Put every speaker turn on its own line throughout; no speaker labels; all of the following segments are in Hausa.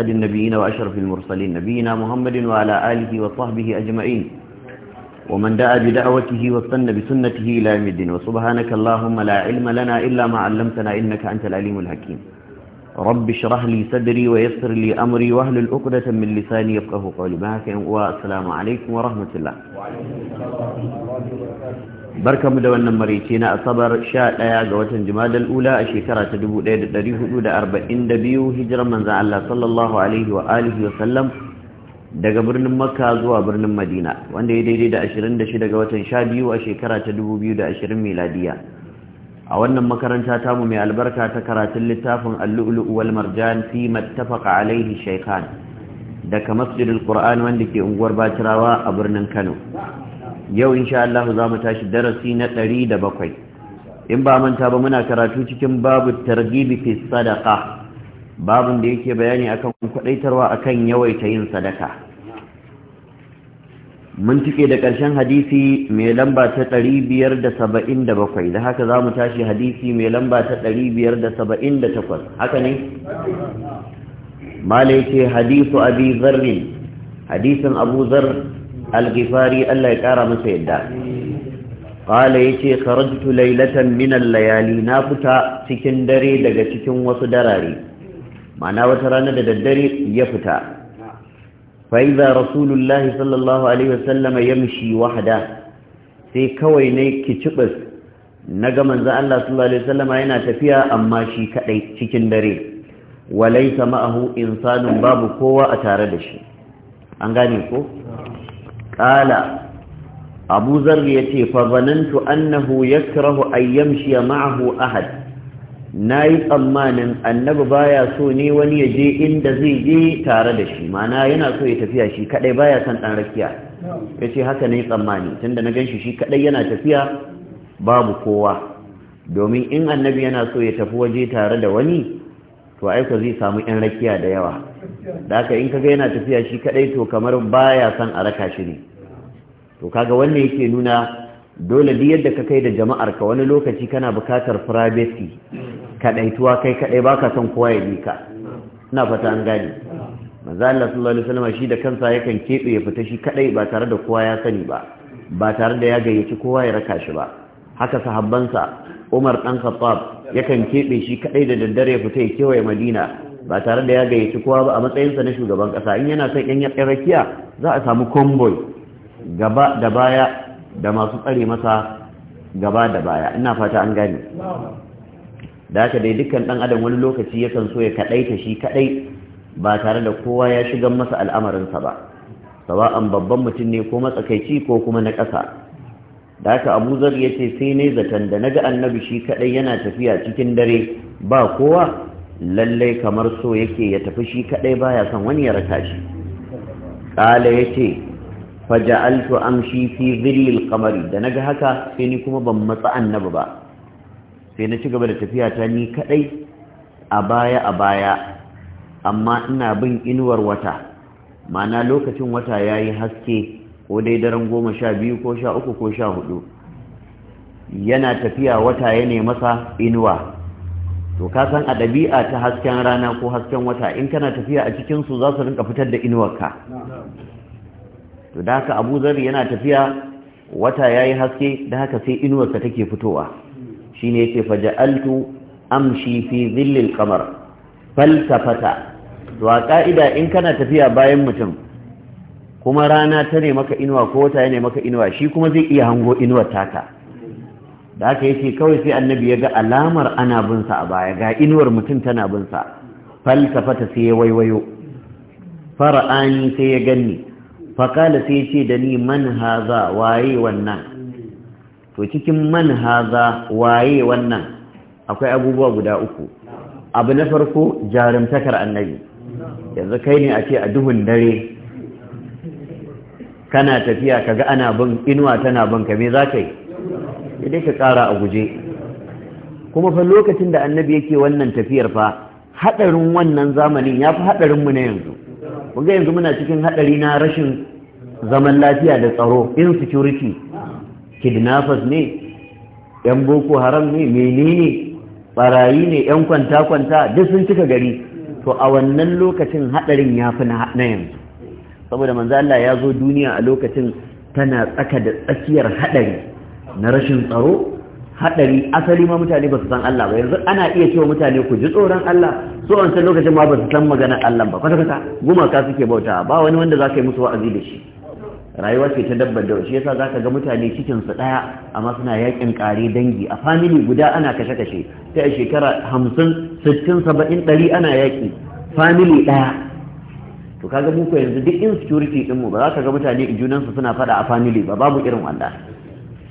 أد النبيين وأشرف المرسلين نبينا محمد وعلى آله وصحبه أجمعين ومن دعا بدعوته واستنى بسنته إلى يوم الدين وسبحانك اللهم لا علم لنا إلا ما علمتنا إنك أنت العليم الحكيم رب اشرح لي صدري ويسر لي أمري وأهل الأقدة من لساني يفقه قولي بهك والسلام عليكم ورحمة الله
وعليكم السلام barkamu da wannan marice na asabar 11 ga watan jumadal ula a shekara ta 1442 hijirar manzan Allah
sallallahu alaihi wa alihi daga birnin makka zuwa birnin madina wanda ya daidai da 26 ga watan 12 a shekara ta 2020 miladiya a wannan makaranta tamu mai albarka ta karatun littafin al walmar jan fi mattafaqa alaihi shaykhan daga masjidin qur'an wanda ke unguwar bacirawa a birnin kano yau insha Allah za mu tashi darasi na ɗari da bakwai in ba manta ba muna karatu cikin babu targibi fi sadaka babun da yake bayani akan kwadaitarwa akan yawaita yin sadaka mun cike da ƙarshen hadisi mai lamba ta ɗari biyar da saba'in da bakwai da haka za mu tashi hadisi mai lamba ta ɗari biyar da saba'in da takwas haka ne? mala ce hadisu abi zarri hadisin abu al Allah ya kara masa yadda Fale ya ce, karatu Lailatan, minan layali na fita cikin dare daga cikin wasu darare ma'ana wata rana da daddare ya fita Fa'iza رسول sallallahu alaihi الله عليه وسلم يمشي sai kawai ne kicibis na ga manzo Allah sallallahu alaihi wasallam yana tafiya amma shi kaɗai cikin dare walaysa ma'ahu insanun babu kowa a tare da shi an gane ko qala abu zarr yace fa zanantu annahu yakrahu an yamshi ma'ahu ahad nayi tsammanin annabi baya so ne wani ya je inda zai je tare da shi mana yana so ya tafiya shi kadai baya san dan rakiya yace haka ne tsammani tunda na ganshi shi kadai yana tafiya babu kowa domin in annabi yana so ya tafi waje tare da wani to aiko zai samu yan rakiya da yawa da aka in kaga yana tafiya shi kadai to kamar baya san a raka shi ne to kaga wannan yake nuna dole duk yadda ka kai da jama'ar ka wani lokaci kana bukatar privacy tuwa kai kadai baka san kowa ya bi ka ina fata an gani manzo Allah sallallahu alaihi wasallam shi da kansa yakan kebe ya fita shi kadai ba tare da kowa ya sani ba ba tare da ya gayyaci kowa ya raka shi ba haka sahabbansa umar ɗan khattab yakan keɓe shi kaɗai da daddare ya fita ya kewaye madina ba tare da ya gayyaci kowa ba a matsayinsa na shugaban ƙasa in yana son yan rakiya za a samu convoy gaba da baya da masu tsare masa gaba da baya ina fata an gane da haka dai dukkan ɗan adam wani lokaci yakan so ya kaɗaita shi kaɗai ba tare da kowa ya shiga masa al'amarinsa ba sawa'an babban mutum ne ko matsakaici ko kuma na ƙasa da haka abu zar ya ce sai ne zaton da naga annabi shi kadai yana tafiya cikin dare ba kowa lallai kamar so yake ya tafi shi kadai baya son wani ya raka shi kala ya ce faja'altu amshi fi zillil qamari da naga haka sai ni kuma ban matsa annabi ba sai na ci gaba da tafiya ta ni kadai a baya a baya amma ina bin inuwar wata ma'ana lokacin wata yayi haske ko dai daren goma sha biyu ko sha uku ko sha hudu yana tafiya wata ya ne masa inuwa to ka san a ɗabi'a ta hasken rana ko hasken wata in kana tafiya a cikinsu za su rinka fitar da inuwarka to da haka abu zari yana tafiya wata ya yi haske da haka sai inuwar ka take fitowa shi ne yake faja'altu amshi fi zillil kamar falsafata to a ƙa'ida in kana tafiya bayan mutum kuma rana ta ne maka inuwa ko wata ne maka inuwa shi kuma zai iya hango inuwar taka da aka yace kawai sai annabi ya ga alamar ana binsa a baya ga inuwar mutum tana bin sa falsafata sai ya waiwayo fara'ani sai ya ganni fakala sai ya ce da ni man haza waye wannan to cikin man haza waye wannan akwai abubuwa guda uku abu na farko jarumtakar annabi yanzu kai ne a ce a duhun dare kana tafiya kaga ana bin inuwa tana bin ka me za ka
yi
dai ka kara a guje kuma fa lokacin da annabi yake wannan tafiyar fa hadarin wannan zamanin ya fi hadarin mu na yanzu kun yanzu muna cikin hadari na rashin zaman lafiya da tsaro insecurity kidnappers ne yan boko haram ne menene barayi ne yan kwanta kwanta duk sun cika gari to a wannan lokacin hadarin ya fi na yanzu saboda manzo Allah ya zo duniya a lokacin tana tsaka da tsakiyar hadari na rashin tsaro hadari asali ma mutane ba su san Allah ba yanzu ana iya cewa mutane ku ji tsoron Allah so an san lokacin ma ba su san maganar Allah ba kwata kwata gumaka suke bauta ba wani wanda za ka yi musu wa'azi da shi rayuwa ce ta dabbar da shi yasa zaka ga mutane cikin su daya amma suna yakin kare dangi a family guda ana kashe kashe sai a shekara 50 60 70 ana yaki family daya to kaga mu ko yanzu duk insecurity din mu ba za ka ga mutane junan su suna fada a family ba babu irin wanda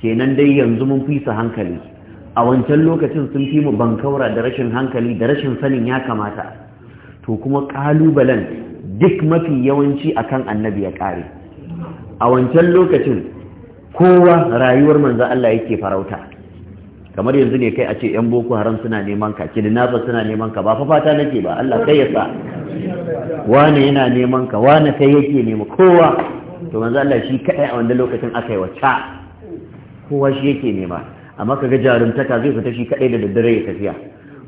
kenan dai yanzu mun fi su hankali a wancan lokacin sun fi mu bankaura da rashin hankali da rashin sanin ya kamata to kuma kalubalen duk mafi yawanci akan annabi ya kare a wancan lokacin kowa rayuwar manzo Allah yake farauta kamar yanzu ne kai a ce yan boko haram suna neman ka kidnapper suna neman ka ba fa fata nake ba Allah kai ya sa wani yana neman ka wani kai yake nema kowa to manzo Allah shi kadai a wanda lokacin aka yi wacca kowa shi yake nema amma kaga jarumtaka zai fita shi kadai da daddare ya tafiya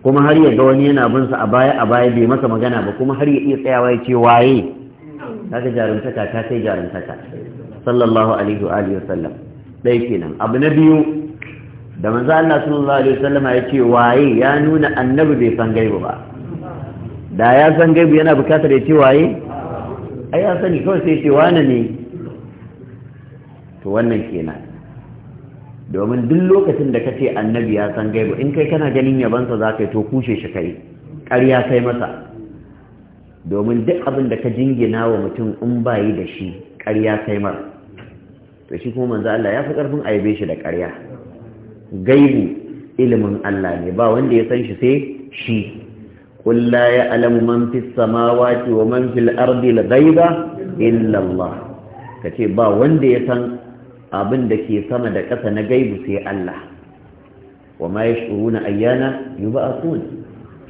kuma har ya ga wani yana bin sa a baya a baya bai masa magana ba kuma har ya iya tsayawa ya ce waye kaga jarumtaka ta kai jarumtaka sallallahu alaihi wa alihi wasallam dai kenan abu na biyu da manzo Allah sallallahu alaihi wasallam ya ce waye ya nuna annabi bai san gaibu ba da ya san gaibu yana bukatar ya ce waye ai ya sani kawai sai ce wani ne to wannan kenan domin duk lokacin da kace annabi ya san gaibu in kai kana ganin yabansa za ka yi to kushe shi kai ƙarya kai masa domin duk abin da ka jingina wa mutum in bayi da shi ƙarya kai mar to shi kuma manzo Allah ya fi ƙarfin aibe shi da ƙarya gaibu ilimin Allah ne ba wanda ya san shi sai shi qul ya ya'lamu man fis samawati wa man fil ardi al ghaiba illa Allah kace ba wanda ya san abin da ke sama da ƙasa na gaibu sai Allah wa ma yashuruna ayyana yub'athun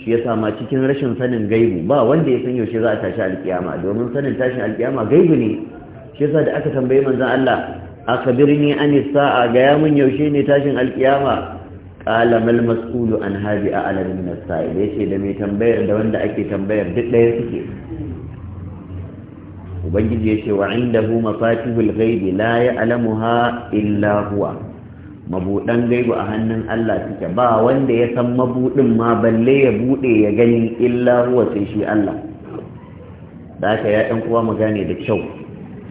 shi ya ma cikin rashin sanin gaibu ba wanda ya san yaushe za a tashi alkiyama domin sanin tashin alkiyama gaibu ne shi yasa da aka tambaye manzon Allah akabirni an sa'a gaya mun yaushe ne tashin alkiyama qala mal mas'ulu an hadi a'la min as-sa'il yace da mai tambayar da wanda ake tambayar duk daya suke ubangiji yace wa indahu mafatihul ghaib la ya'lamuha illa huwa mabudan gaibu a hannun Allah suke ba wanda ya san mabudin ma balle ya bude ya gani illa huwa sai shi Allah da ka ya ɗan kuwa mu da kyau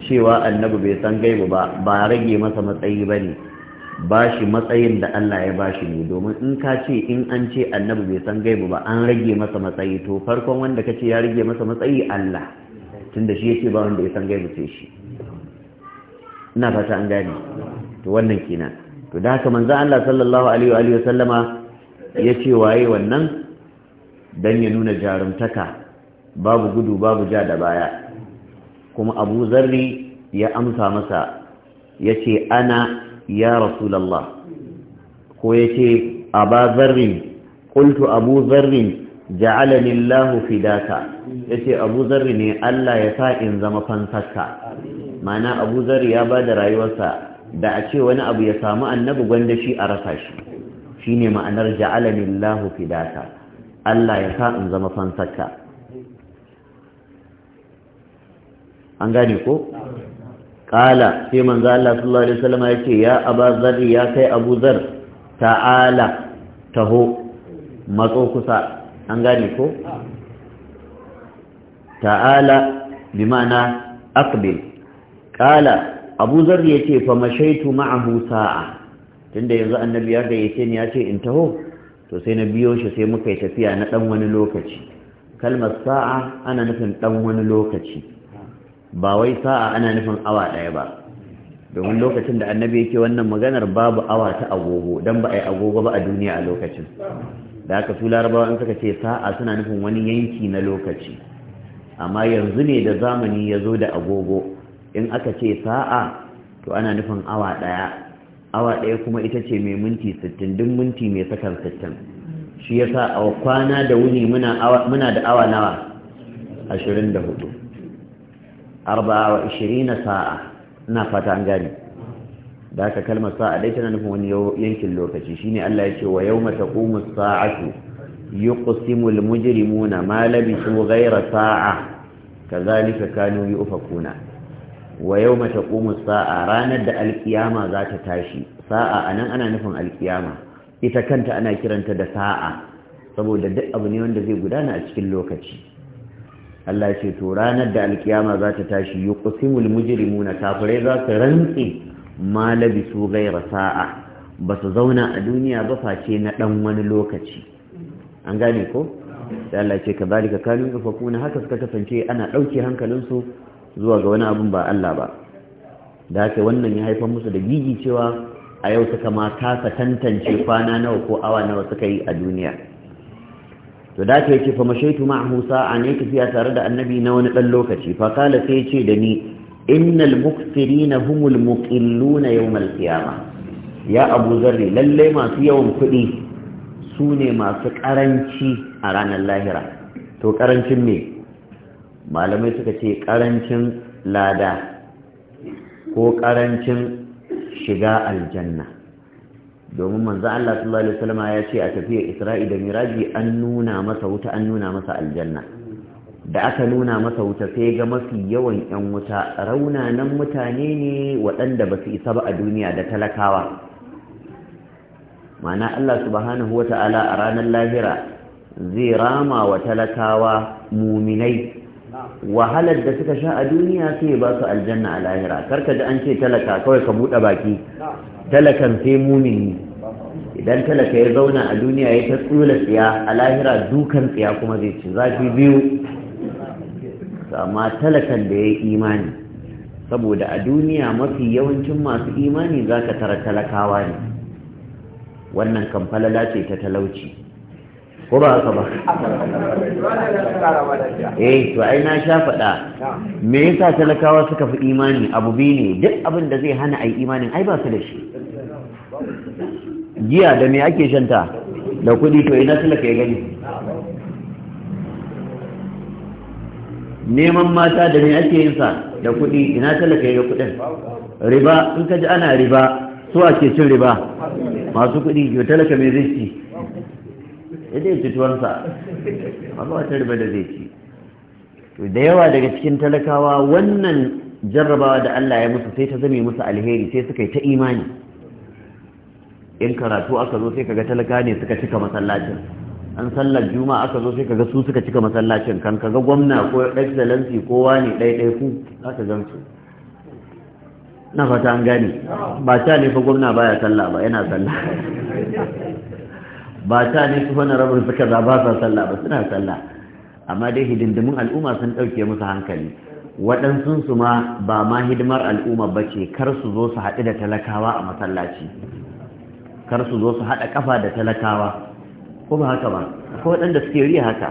cewa annabi bai san gaibu ba ba rage masa matsayi ba ne ba shi matsayin da Allah ya ba shi ne domin in ka ce in an ce annabi bai san gaibu ba an rage masa matsayi to farkon wanda ka ce ya rage masa matsayi Allah tun da shi ya ce ba wanda ya san gaibu sai shi ina fata an gane to wannan kenan to da haka manzo Allah sallallahu alaihi wa sallama ya ce waye wannan dan ya nuna jarumtaka babu gudu babu ja da baya kuma abu zarri ya amsa masa ya ce ana ya rasulallah ko ya ce aba zarrin kultu abu zarrin ja'alani allahu fidaka ya ce abu zarri ne allah ya sa in zama fansarka mana abu zarri ya ba da rayuwarsa da a ce wani abu ya samu annabi gwanda shi a rasa shi shine ma'anar ja'alani allahu fidaka allah ya sa in zama fansarka an gane ko kala sai manzo Allah sallallahu alaihi wasallam ya ce ya aba Zar ya kai Abu Zar ta'ala taho matso kusa an gane ko ta'ala bi ma'ana aqbil kala Abu Zar yace fa mashaitu ma'ahu sa'a tunda yanzu annabi ya yace ni yace in taho to sai na biyo shi sai muka yi tafiya na dan wani lokaci kalmar sa'a ana nufin dan wani lokaci ba wai sa'a ana nufin awa ɗaya ba domin lokacin da annabi yake wannan maganar babu awa ta agogo don ba a yi agogo ba a duniya a lokacin da aka su larabawa in suka ce sa'a suna nufin wani yanki na lokaci amma yanzu ne da zamani ya zo da agogo in aka ce sa'a to ana nufin awa ɗaya awa ɗaya kuma ita ce mai minti sittin duk minti mai sakan sittin shi ya sa a kwana da wuni muna da awa nawa ashirin da hudu arba'a ishirina sa'a ina fata an gani. da haka kalmar sa'a dai tana nufin wani yankin lokaci shine Allah ya ce wa yawma taqumu sa'atu yuqsimu al na ma su gaira sa'a kadhalika kanu yufakuna wa yawma taqumu sa'a ranar da alkiyama za ta tashi sa'a anan ana nufin alkiyama ita kanta ana kiranta da sa'a saboda duk abu ne wanda zai gudana a cikin lokaci Allah ce to ranar da alkiyama za ta tashi yuqsimul mujrimuna kafirai za su rantsi ma labisu gaira sa'a ba su zauna a duniya ba face na ɗan wani lokaci an gane ko sai Allah ya ce kadhalika kanu kuna haka suka kasance ana dauke hankalinsu zuwa ga wani abun ba Allah ba da haka wannan ya haifar musu da gigi cewa a yau suka ma kasa tantance kwana nawa ko awa nawa suka yi a duniya to da ta yace fa mashaitu ma'ahu sa'a ne tafiya tare da annabi na wani dan lokaci fa kala sai yace da ni innal na humul muqilluna na qiyama ya abu zarri lallai masu yawan kuɗi su ne masu ƙaranci a ranar lahira to karancin me malamai suka ce ƙarancin lada ko ƙarancin shiga aljanna domin manzo Allah sallallahu alaihi wasallam ya ce a tafiyar Isra'i da Miraji an nuna masa wuta an nuna masa aljanna da aka nuna masa wuta sai ga mafi yawan ƴan wuta raunanan mutane ne waɗanda ba su isa ba a duniya da talakawa ma'ana Allah subhanahu wata'ala a ranar lahira zai rama wa talakawa muminai wahalar da suka sha a duniya sai ba su aljanna a lahira karka da an ce talaka kawai ka buɗe baki talakan sai mumini idan talaka ya zauna a duniya ya ta tsula tsiya a lahira dukan tsiya kuma zai ci zafi biyu amma talakan da ya yi imani saboda a duniya mafi yawancin masu imani za ka tara talakawa ne wannan kamfalala ce ta talauci ko ba haka ba eh to ai na sha faɗa me yasa talakawa suka fi imani abu biyu ne duk abin da zai hana ai imanin ai ba su da shi giya da me ake shanta da kuɗi to ina talaka ya gani neman mata da me ake yin sa da kuɗi ina talaka ya ga kuɗin riba in ka ji ana riba su ake cin riba masu kuɗi yau talaka mai zai ci ya dai ci a amma riba da zai ci da yawa daga cikin talakawa wannan jarrabawa da Allah ya musu sai ta zame musu alheri sai suka yi ta imani in karatu aka zo sai kaga talaka ne suka cika masallacin an sallar juma'a aka zo sai kaga su suka cika masallacin kan kaga gwamna ko excellency kowa ne ɗaiɗai ku za ka gan na fata an gane ba ta ne fa gwamna baya sallah ba yana sallah ba ta ne su fana rabin suka za ba sa sallah ba suna sallah amma dai hidindimin al'umma sun ɗauke musu hankali waɗansunsu ma ba ma hidimar al'umma ba ce kar su zo su haɗu da talakawa a masallaci kar su zo su haɗa ƙafa da talakawa ko ba haka ba ko waɗanda suke riya haka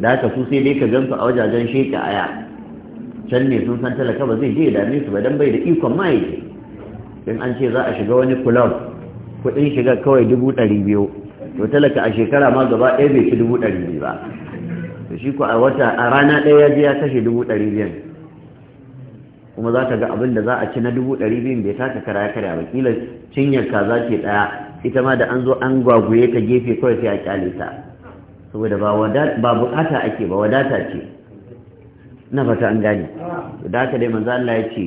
da haka su sai dai ka gansu a wajajen sheka aya can ne sun san talaka ba zai je da dame su ba dan bai da ikon ma yake in an ce za a shiga wani kulob kuɗin shiga kawai dubu ɗari biyu to talaka a shekara ma gaba ɗaya bai ci dubu ɗari biyu ba to shi ko a wata a rana ɗaya ya je ya kashe dubu ɗari biyu. kuma za ka ga abin da za a ci na dubu ɗari biyun bai taka karaya karya ba kila cinyar kaza ce ɗaya ita ma da an zo an gwaguye ta gefe kawai sai a kyale ta saboda ba bukata ake ba wadata ce na fata an gane da haka dai manzo Allah ya ce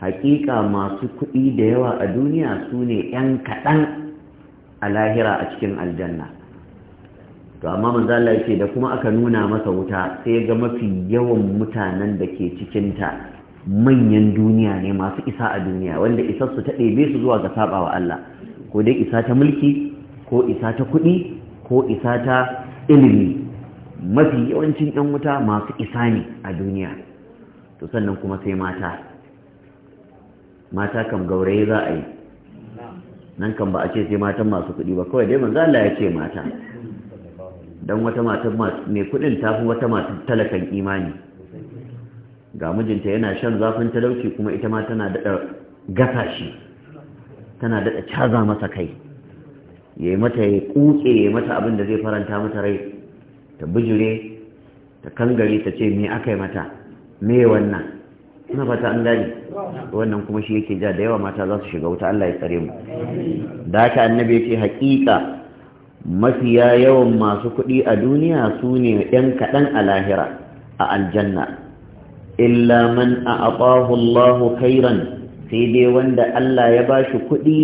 hakika masu kuɗi da yawa a duniya su ne ƴan kaɗan a lahira a cikin aljanna to amma manzo Allah ya ce da kuma aka nuna masa wuta sai ga mafi yawan mutanen da ke cikinta manyan duniya ne masu isa a duniya wanda isar su ta ɗebe su zuwa ga saba wa Allah ko dai isa ta mulki ko isa ta kuɗi ko isa ta ilimi mafi yawancin 'yan wuta masu isa ne a duniya to sannan kuma sai mata mata kam gauraye za a yi nan kan ba a ce sai matan masu kuɗi ba kawai dai manzo Allah ya ce mata dan wata mata mai kuɗin tafi wata mata talakan imani ga mijinta yana shan zafin talauci kuma ita ma tana daɗa gasa shi tana daɗa caza masa kai ya yi mata ya kuke ya yi mata abin da zai faranta mata rai ta bijire ta kangare ta ce me aka yi mata me wannan ina fata an gani wannan kuma shi yake ja da yawa mata za su shiga wuta Allah ya tsare mu da haka annabi ya ce haƙiƙa mafiya yawan masu kuɗi a duniya su ne ‘yan kaɗan a lahira a aljanna illa man a'atahu Allah khairan sai dai wanda Allah ya bashi kuɗi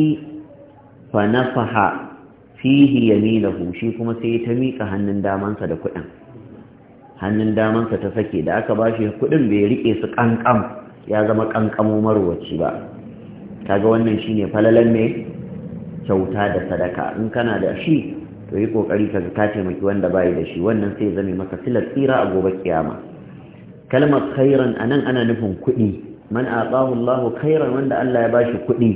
fa nafaha fihi yaminahu shi kuma sai ta mika hannun damansa da kuɗin hannun damansa ta sake da aka bashi kuɗin bai rike su kankam ya zama kankamo marwaci ba kaga wannan shine falalan ne kyauta da sadaka in kana da shi to yi kokari ka ka taimaki wanda bai da shi wannan sai zame maka filar tsira a gobe kiyama kalmar khairan anan ana nufin kuɗi man aqahu Allahu khairan wanda Allah ya bashi kuɗi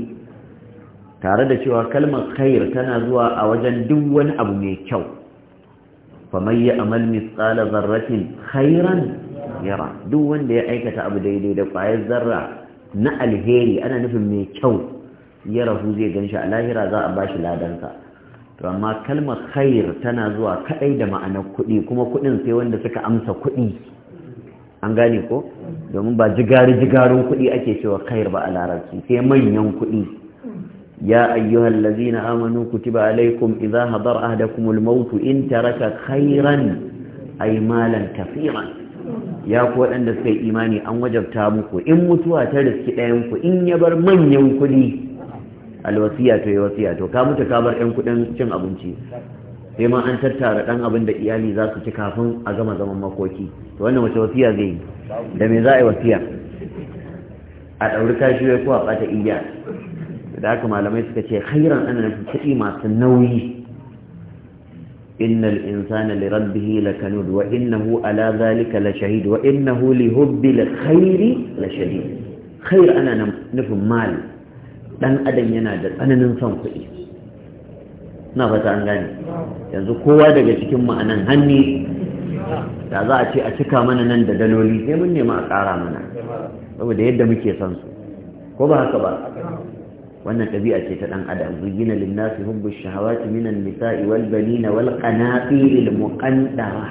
tare da cewa kalmar khair tana zuwa a wajen duk wani abu mai kyau Famai ya amal misqala zarrafin khairan yara duk wanda ya aikata abu daidai da kwayar zarra na alheri ana nufin mai kyau ya rahu zai ganshi a lahira za a bashi ladansa to amma kalmar khair tana zuwa kaɗai da ma'anar kuɗi kuma kuɗin sai wanda suka amsa kuɗi an gane ko domin ba jigari-jigarin kuɗi ake cewa khair ba a larabci sai manyan kuɗi ya ayyuhal lazina amanu kutiba alaikum iza hadar ahadakumul maut in taraka khairan ay malan kafiran ya ku waɗanda suka yi imani an wajabta muku in mutuwa ta riski ɗayan ku in ya bar manyan kuɗi alwasiya to ya wasiya to ka mutu ka bar 'yan kuɗin cin abinci sai ma an tattara dan abin da iyali za su ci kafin a gama zaman makoki to wannan wace wasiya zai yi da me za a yi wasiya a ɗauri kashi ko a ɓata iya da haka malamai suka ce khairan ana nufi kuɗi masu nauyi innal insana li rabbihi lakanud wa innahu ala zalika la shahid wa innahu li la khairi la shahid khair ana nufin mal dan adam yana da tsananin son kuɗi na fata an gane yanzu kowa daga cikin ma'anan hanni da za a ce a cika mana nan da daloli sai mun nema a ƙara mana saboda yadda muke son su ko ba haka ba wannan ɗabi'a ce ta ɗan adam zuyina linnasi hubbu shahawati minan nisa'i wal banina wal qanatir al muqaddara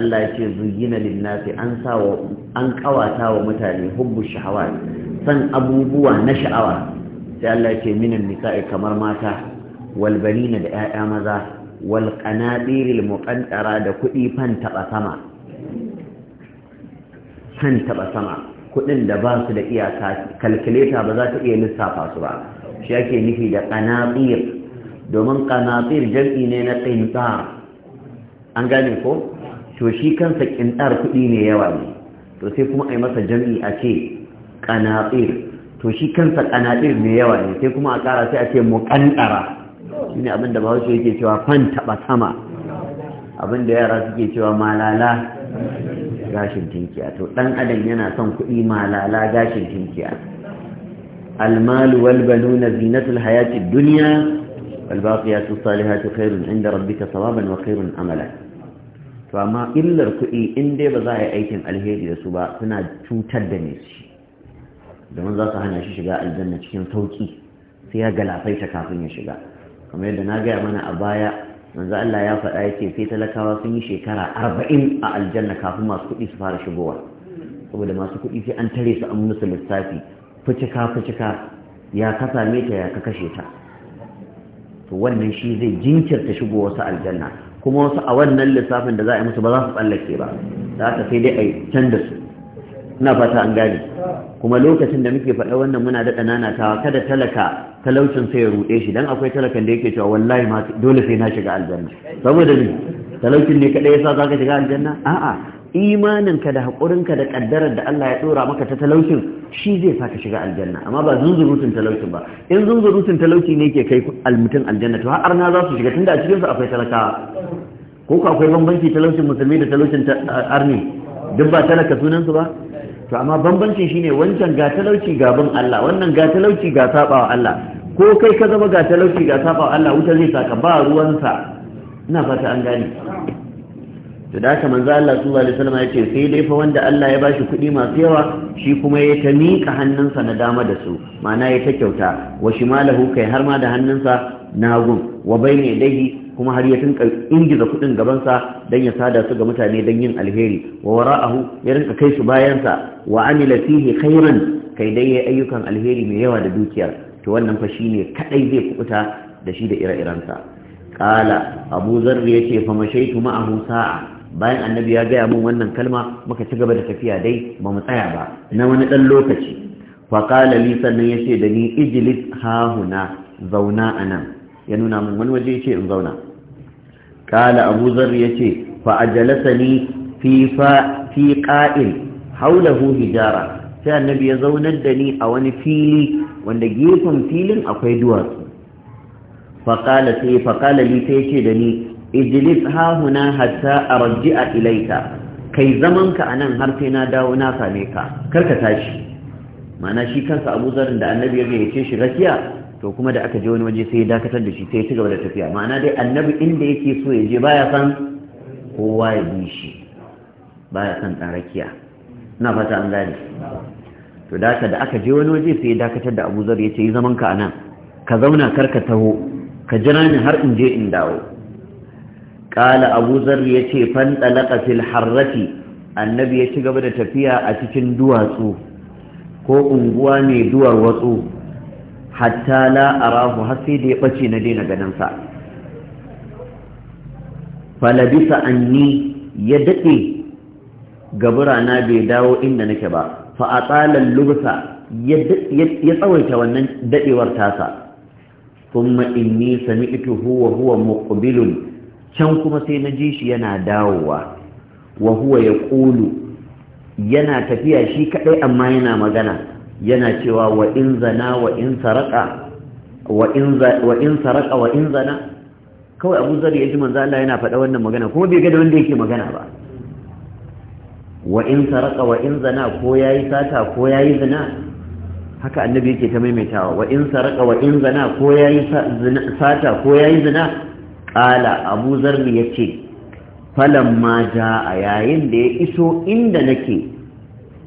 Allah ya ce zuyina linnasi an sawa an kawata wa mutane hubbu shahawati san abubuwa na sha'awa sai Allah ya ce minan nisa'i kamar mata walbanina da 'ya'ya maza walƙanaɗiril muƙantara da kuɗi fan taɓa sama fan taɓa sama kuɗin da ba su da iyaka kalkuleta ba za ta iya lissafa su ba shi ake nufi da ƙanaɗir domin ƙanaɗir jam'i ne na ƙintar an gane ko to shi kansa ƙintar kuɗi ne yawa ne to sai kuma a yi masa jam'i a ce ƙanaɗir to shi kansa ƙanaɗir ne yawa ne sai kuma a ƙara sai a ce muƙantara shine abin da bahaushe yake cewa fan taba sama abin da yara suke cewa malala gashin tinkiya to dan adam yana son kuɗi malala gashin tinkiya المال والبنون زينة الحياة الدنيا inda الصالحات خير عند wa ثوابا وخير to amma illar kuɗi in dai ba za a yi aikin alheri da su ba suna cutar da ne shi domin za su hana shi shiga aljanna cikin sauki sai ya galafaita kafin ya shiga kamar yadda na gaya mana a baya manzo Allah ya faɗa yake sai talakawa sun yi shekara arba'in a aljanna kafin masu kuɗi su fara shigowa saboda masu kuɗi sai an tare su an musu lissafi fucika fucika ya ka same ta ya ka kashe ta to wannan shi zai jinkirta shigo wasu aljanna kuma wasu a wannan lissafin da za a yi musu ba za su tsallake ba za ta sai dai a can da su ina fata an gane kuma lokacin da muke faɗa wannan muna da tawa kada talaka talaucin sai ya ruɗe shi dan akwai talakan da yake cewa wallahi ma dole sai na shiga aljanna saboda ni talaucin ne kada yasa zaka shiga aljanna a'a imaninka da haƙurinka da ƙaddarar da Allah ya ɗora maka ta talaucin shi zai sa ka shiga aljanna amma ba zunzurutun talaucin ba in zunzurutun talauci ne ke kai almutun aljanna to har na za su shiga tunda a cikinsu akwai talakawa ko ka akwai bambanci talaucin musulmi da talaucin arni duk ba talaka sunansu ba to amma bambancin shine wancan ga talauci ga bin Allah wannan ga talauci ga sabawa Allah ko kai ka zama ga talauci ga sabawa Allah wuta zai saka ba ruwansa ina fata an gane to da kamar manzo Allah sallallahu alaihi wasallam yace sai dai fa wanda Allah ya bashi kuɗi masu yawa shi kuma ya ta miƙa hannunsa na dama da su ma'ana ya ta kyauta wa shimalahu kai har ma da hannunsa na wa bayne dahi kuma har ya tinka ingiza kuɗin gabansa don ya sada su ga mutane don yin alheri wa wara'ahu ya rinka kai su bayansa wa amila fihi khairan kai dai yayi ayyukan alheri mai yawa da dukiyar to wannan fa shine kadai zai kubuta da shi da ire-irensa qala abu fama yace fa mashaitu ma'ahu sa'a bayan annabi ya gaya mun wannan kalma muka ci gaba da tafiya dai ba mu tsaya ba na wani dan lokaci fa qala li sannan yace da ni ijlis ha huna zauna anan ya nuna min wani waje ya ce in zauna kala أبو ذر يتي فأجلسني في, فا في قائل حوله sai annabi ya zaunar da ni a wani fili wanda gefen filin akwai duwatsu faƙala sai faƙala ce da ni ijilis ha huna hatta arji'a ilaita kai zamanka ka nan har sai na dawo na same ka karka tashi mana shi kansa Abu Zarin da annabi ya ce shi gaskiya to kuma da aka je wani waje sai ya dakatar da shi sai ya ci gaba da tafiya ma'ana dai annabi inda yake so ya je baya san kowa ya bi shi baya san dan rakiya ina fata an gane to da da aka je wani waje sai ya dakatar da Abu Zar yace yi zaman ka anan ka zauna kar ka taho ka jira ni har in je in dawo qala Abu Zar yace fan talaqa fil harrati annabi ya ci gaba da tafiya a cikin duwatsu ko unguwa ne duwar watsu hatta la arahu har sai da ya ɓace na daina ganin sa falabisa anni ya dade gabura na bai dawo inda nake ba fa atala lubsa ya tsawaita wannan daɗewar tasa thumma inni sami'tuhu wa huwa muqbilun can kuma sai na ji shi yana dawowa wa huwa ƙulu yana tafiya shi kadai amma yana magana yana cewa wa in zana wa in saraka wa in saraka wa in zana kawai abu zar ya ji manzo Allah yana faɗa wannan magana kuma bai ga wanda yake magana ba wa in saraka wa in zana ko yayi sata ko yayi zina haka annabi yake ta maimaitawa wa in saraka wa in zana ko yayi sata ko yayi zina qala abu zar ne yace falamma a yayin da ya iso inda nake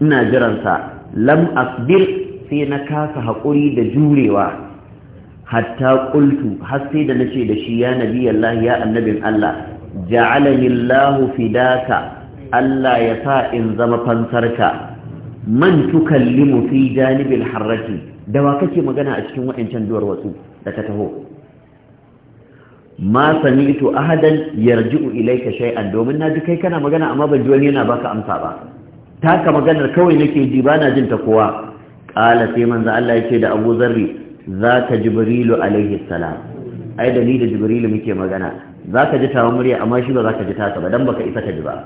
ina jiransa lam asbir sai na kasa haƙuri da jurewa hatta ƙultu har sai da nace da shi ya nabi Allah ya annabin Allah ja'alani Allah fidaka Allah ya sa in zama fansarka man tukallimu fi janibil harrati da wa kake magana a cikin waɗancan duwar wasu da ka taho ma sami'tu ahadan yarji'u ilayka shay'an domin na ji kai kana magana amma ban ji wani yana baka amsa ba taka maganar kawai nake ji bana jin ta kowa qala sai manzo Allah yake da Abu Zarri zaka Jibrilu alaihi salam ai da ni da Jibrilu muke magana zaka ji tawa murya amma shi ba zaka ji taka ba dan baka isa ka ji ba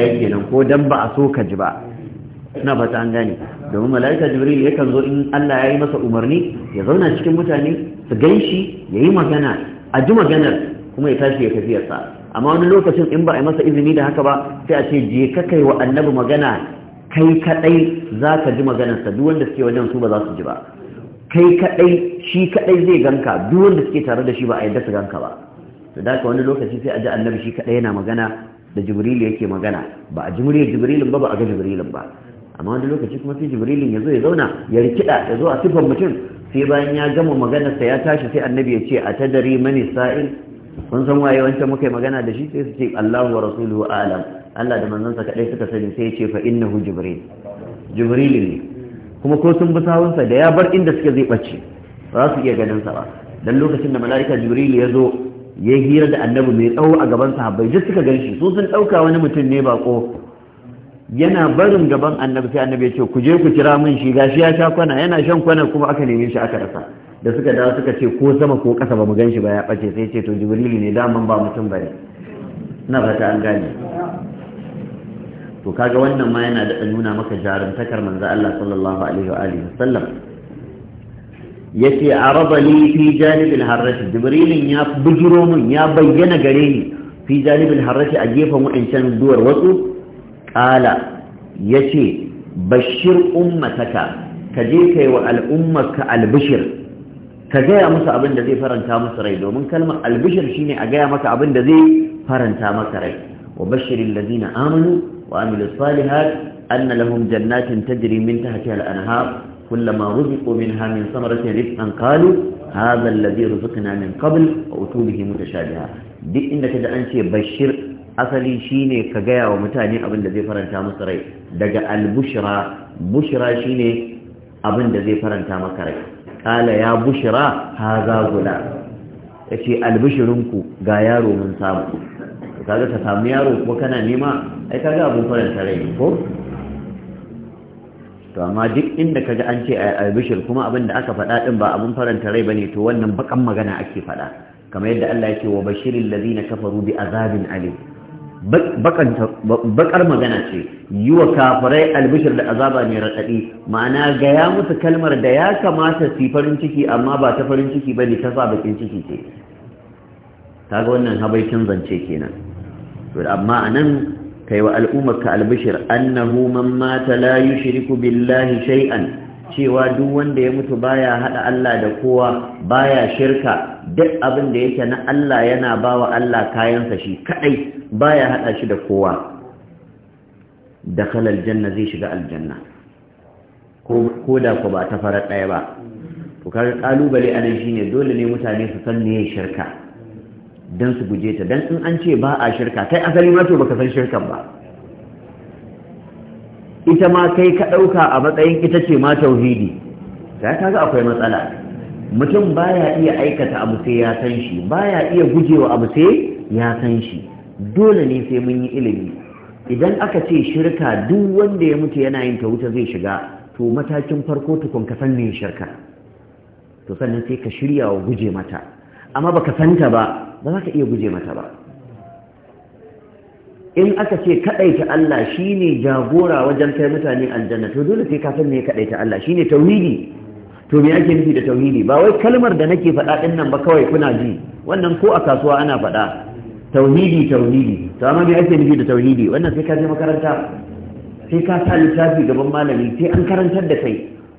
yake nan ko dan ba a so ka ji ba ina fata an gane domin mala'ika jibril yakan zo in Allah ya yi masa umarni ya zauna cikin mutane su ganshi ya yi magana a ji maganar kuma ya tashi ya tafiyarsa amma wani lokacin in ba a masa izini da haka ba sai a ce je ka kai wa annabi magana kai kadai za ka ji maganarsa duk wanda suke wajen su ba za su ji ba kai kadai shi kadai zai ganka duk wanda suke tare da shi ba a yadda su ganka ba to da wani lokaci sai a ji annabi shi kadai yana magana da jibrilu yake magana ba a jimuriyar jibrilin ba ba a ga jibrilin ba amma wani lokaci kuma sai jibrilin ya zo ya zauna ya rikida ya zo a sifan mutum sai bayan ya gama maganarsa ya tashi sai annabi ya ce a tadari mani sa'il kun san waye wancan muka yi magana da shi sai su ce Allahu wa rasuluhu alam Allah da manzansa kadai suka sani sai ya ce fa innahu jibril jibril ne kuma ko sun bi sawunsa da ya bar inda suke zai bace ba su iya ganin sa ba dan lokacin da mala'ika jibril ya zo ya hira da annabi mai tsawo a gaban sahabbai duk suka gan shi su sun dauka wani mutum ne bako yana barin gaban annabi sai annabi ya ce ku je ku kira min shi gashi ya sha kwana yana shan kwana kuma aka neme shi aka rasa da suka dawo suka ce ko sama ko ƙasa ba mu gan shi ba ya ɓace sai ce to jibrilu ne daman ba mutum ba ne na fata an gane to kaga wannan ma yana da nuna maka jarumtakar manzo Allah sallallahu alaihi wa alihi wasallam yace araba li fi janibil harrati jibrilin ya bujiro mun ya bayyana gare ni fi janibil harrati a gefen wa'ancan duwar wasu qala yace bashir ummataka ka je kai wa al'ummarka albishir ka gaya musu abin da zai faranta musu rai domin kalmar albishir shine a gaya maka abin da zai faranta maka rai wa bashirin lazina amanu wa amilu salihat anna lahum jannatin tajri min tahti al-anha kullama rubiqu minha min samaratin rizqan qalu hadha alladhi rizqna min qabl wa utubihi mutashabiha duk inda kaje an ce bashir asali shine ka gaya wa mutane abin da zai faranta musu rai daga albushra bushra shine abin da zai faranta maka rai kala ya bushira haza guda ya ce albishirinku ga yaro mun samu kaga ta samu yaro ko kana nema ai ga abin faranta rai ko to amma duk inda kaji an ce ai albishir kuma abin da aka faɗa din ba abin faranta rai ba ne to wannan bakan magana ake faɗa kamar yadda Allah yake wa bashiril ladina kafaru bi azabin alim bakar magana ce yi wa kafirai albishir da azaba mai raɗaɗi ma'ana gaya musu kalmar da ya kamata su farin ciki amma ba ta farin ciki ba ne ta sa bakin ciki ce ta ga wannan habaikin zance kenan amma a nan kai wa ka albishir annahu man mata la yushriku billahi shai'an. cewa duk wanda ya mutu baya hada Allah da kowa baya shirka duk abin da yake na Allah yana ba wa Allah kayansa shi kadai baya hada shi da kowa dakhala aljanna zai shiga aljanna ko da ko ba ta farar daya ba to kar kalubale anan shine dole ne mutane su san ne shirka dan su guje ta dan in an ce ba a shirka kai asali ma to baka san shirkan ba ita ma kai ka dauka a matsayin ita ce ma tauhidi ta kaga akwai matsala mutum baya iya aikata abu sai ya san shi baya iya gujewa abu sai ya san shi dole ne sai mun yi ilimi idan aka ce shirka duk wanda ya mutu yana yin ta wuta zai shiga to matakin farko tukun ka san mai shirka to sannan sai ka shirya wa guje mata amma baka santa ba ba za ka iya guje mata ba in aka ce kaɗaita Allah shine jagora wajen kai mutane aljanna to dole sai ka san ne ta Allah shine tauhidi to me ake nufi da tauhidi ba wai kalmar da nake faɗa ɗin nan ba kawai kuna ji wannan ko a kasuwa ana faɗa tauhidi tauhidi to amma me ake nufi da tauhidi wannan sai ka je makaranta sai ka sa littafi gaban malami sai an karantar da kai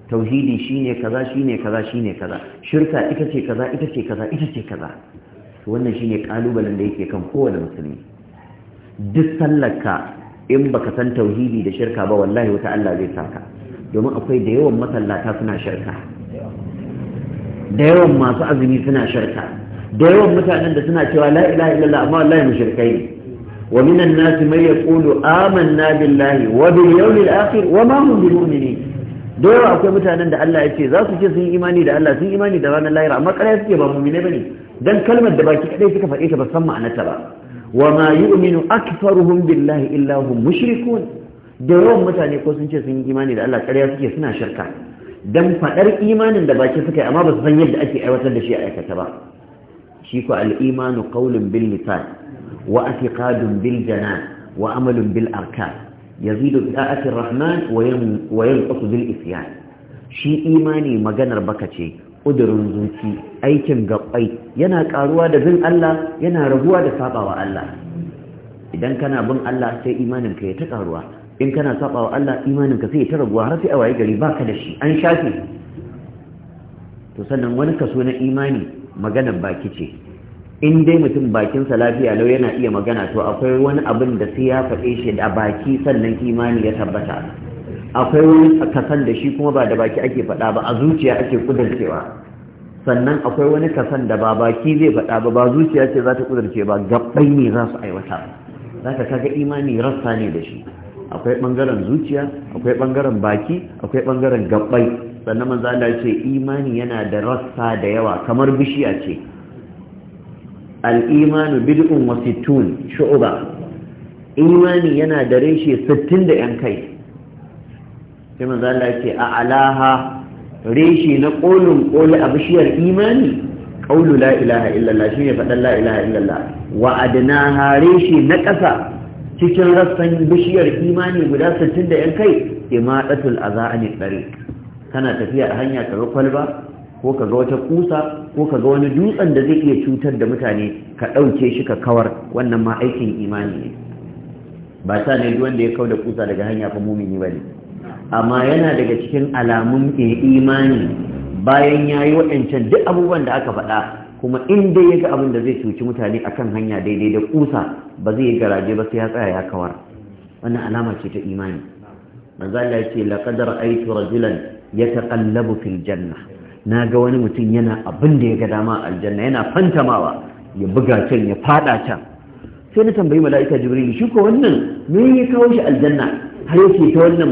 tauhidi shine kaza shine kaza shine kaza shirka ita ce kaza ita ce kaza ita ce kaza to wannan shine kalubalen da yake kan kowane musulmi duk sallarka in baka san tauhidi da shirka ba wallahi wata Allah zai saka domin akwai da yawan masallata suna shirka da yawan masu azumi suna shirka da yawan mutanen da suna cewa la ilaha illallah amma wallahi mushrikai ne wa minan nasi may yaqulu amanna billahi wa bil yawmil akhir wa ma hum mu'minin da yawa akwai mutanen da Allah ya ce za su ce sun imani da Allah sun imani da ranar lahira amma ƙarya suke ba mu'mine bane dan kalmar da baki kadai suka faɗe ta ba san ma'anarta ba wa ma yu'minu aktharuhum billahi illa hum mushrikun da yawan mutane ko sun ce sun imani da Allah ƙarya suke suna shirka dan fadar imanin da baki suka yi amma ba su san yadda ake aiwatar da shi a aikata ba shi ko al qawlun bil lisan wa i'tiqadun bil janan wa amalun bil arkan yazidu bi ta'ati rahman wa yanqusu bil isyan shi imani maganar baka ce kudurin zuci aikin gabbai yana karuwa da bin Allah yana raguwa da sabawa Allah idan kana bin Allah sai imanin ka ya ta karuwa in kana saba wa Allah imanin ka sai ta raguwa har sai a waye gari baka da shi an shafe to sannan wani kaso na imani maganar baki ce in dai mutum bakinsa lafiya lau yana iya magana to akwai wani abin da sai ya faɗe shi da baki sannan imani ya tabbata akwai wani kasan da shi kuma ba da baki ake faɗa ba a zuciya ake kudancewa sannan akwai wani kasan da ba baki zai faɗa ba ba zuciya ce za ta kudarce ba gabbai ne za su aiwata za ka kaga imani rassa ne da shi akwai ɓangaren zuciya akwai ɓangaren baki akwai bangaren gabbai sannan manzo Allah ce imani yana da rassa da yawa kamar bishiya ce al-imanu bid'un wa sittun shu'ba imani yana da reshe 60 da yan kai sai manzo Allah ce a alaha reshe na kolin koli a bishiyar imani qulu la ilaha illallah shine fadan la ilaha illallah wa adnaha reshe na ƙasa. cikin rassan bishiyar imani guda 60 da yan kai imadatul azani dare kana tafiya a hanya ka ga kwalba ko ka ga wata kusa ko ka ga wani dutsen da zai iya cutar da mutane ka ɗauke shi ka kawar wannan ma aikin imani ne ba sa ne duk wanda ya kau da kusa daga hanya fa mumini bane amma yana daga cikin alamun imani bayan yayi waɗancan duk abubuwan da aka faɗa kuma in dai ya ga abin da zai cuci mutane akan hanya daidai da kusa ba zai yi garaje ba sai ya tsaya ya kawar wannan alama ce ta imani manzo Allah la qadara aitu rajulan yataqallabu fil janna Na ga wani mutum yana abin da ya ga dama aljanna yana fantamawa ya buga can ya fada can sai na tambayi mala'ika jibril shi ko wannan me ya kawo shi aljanna har yake ta wannan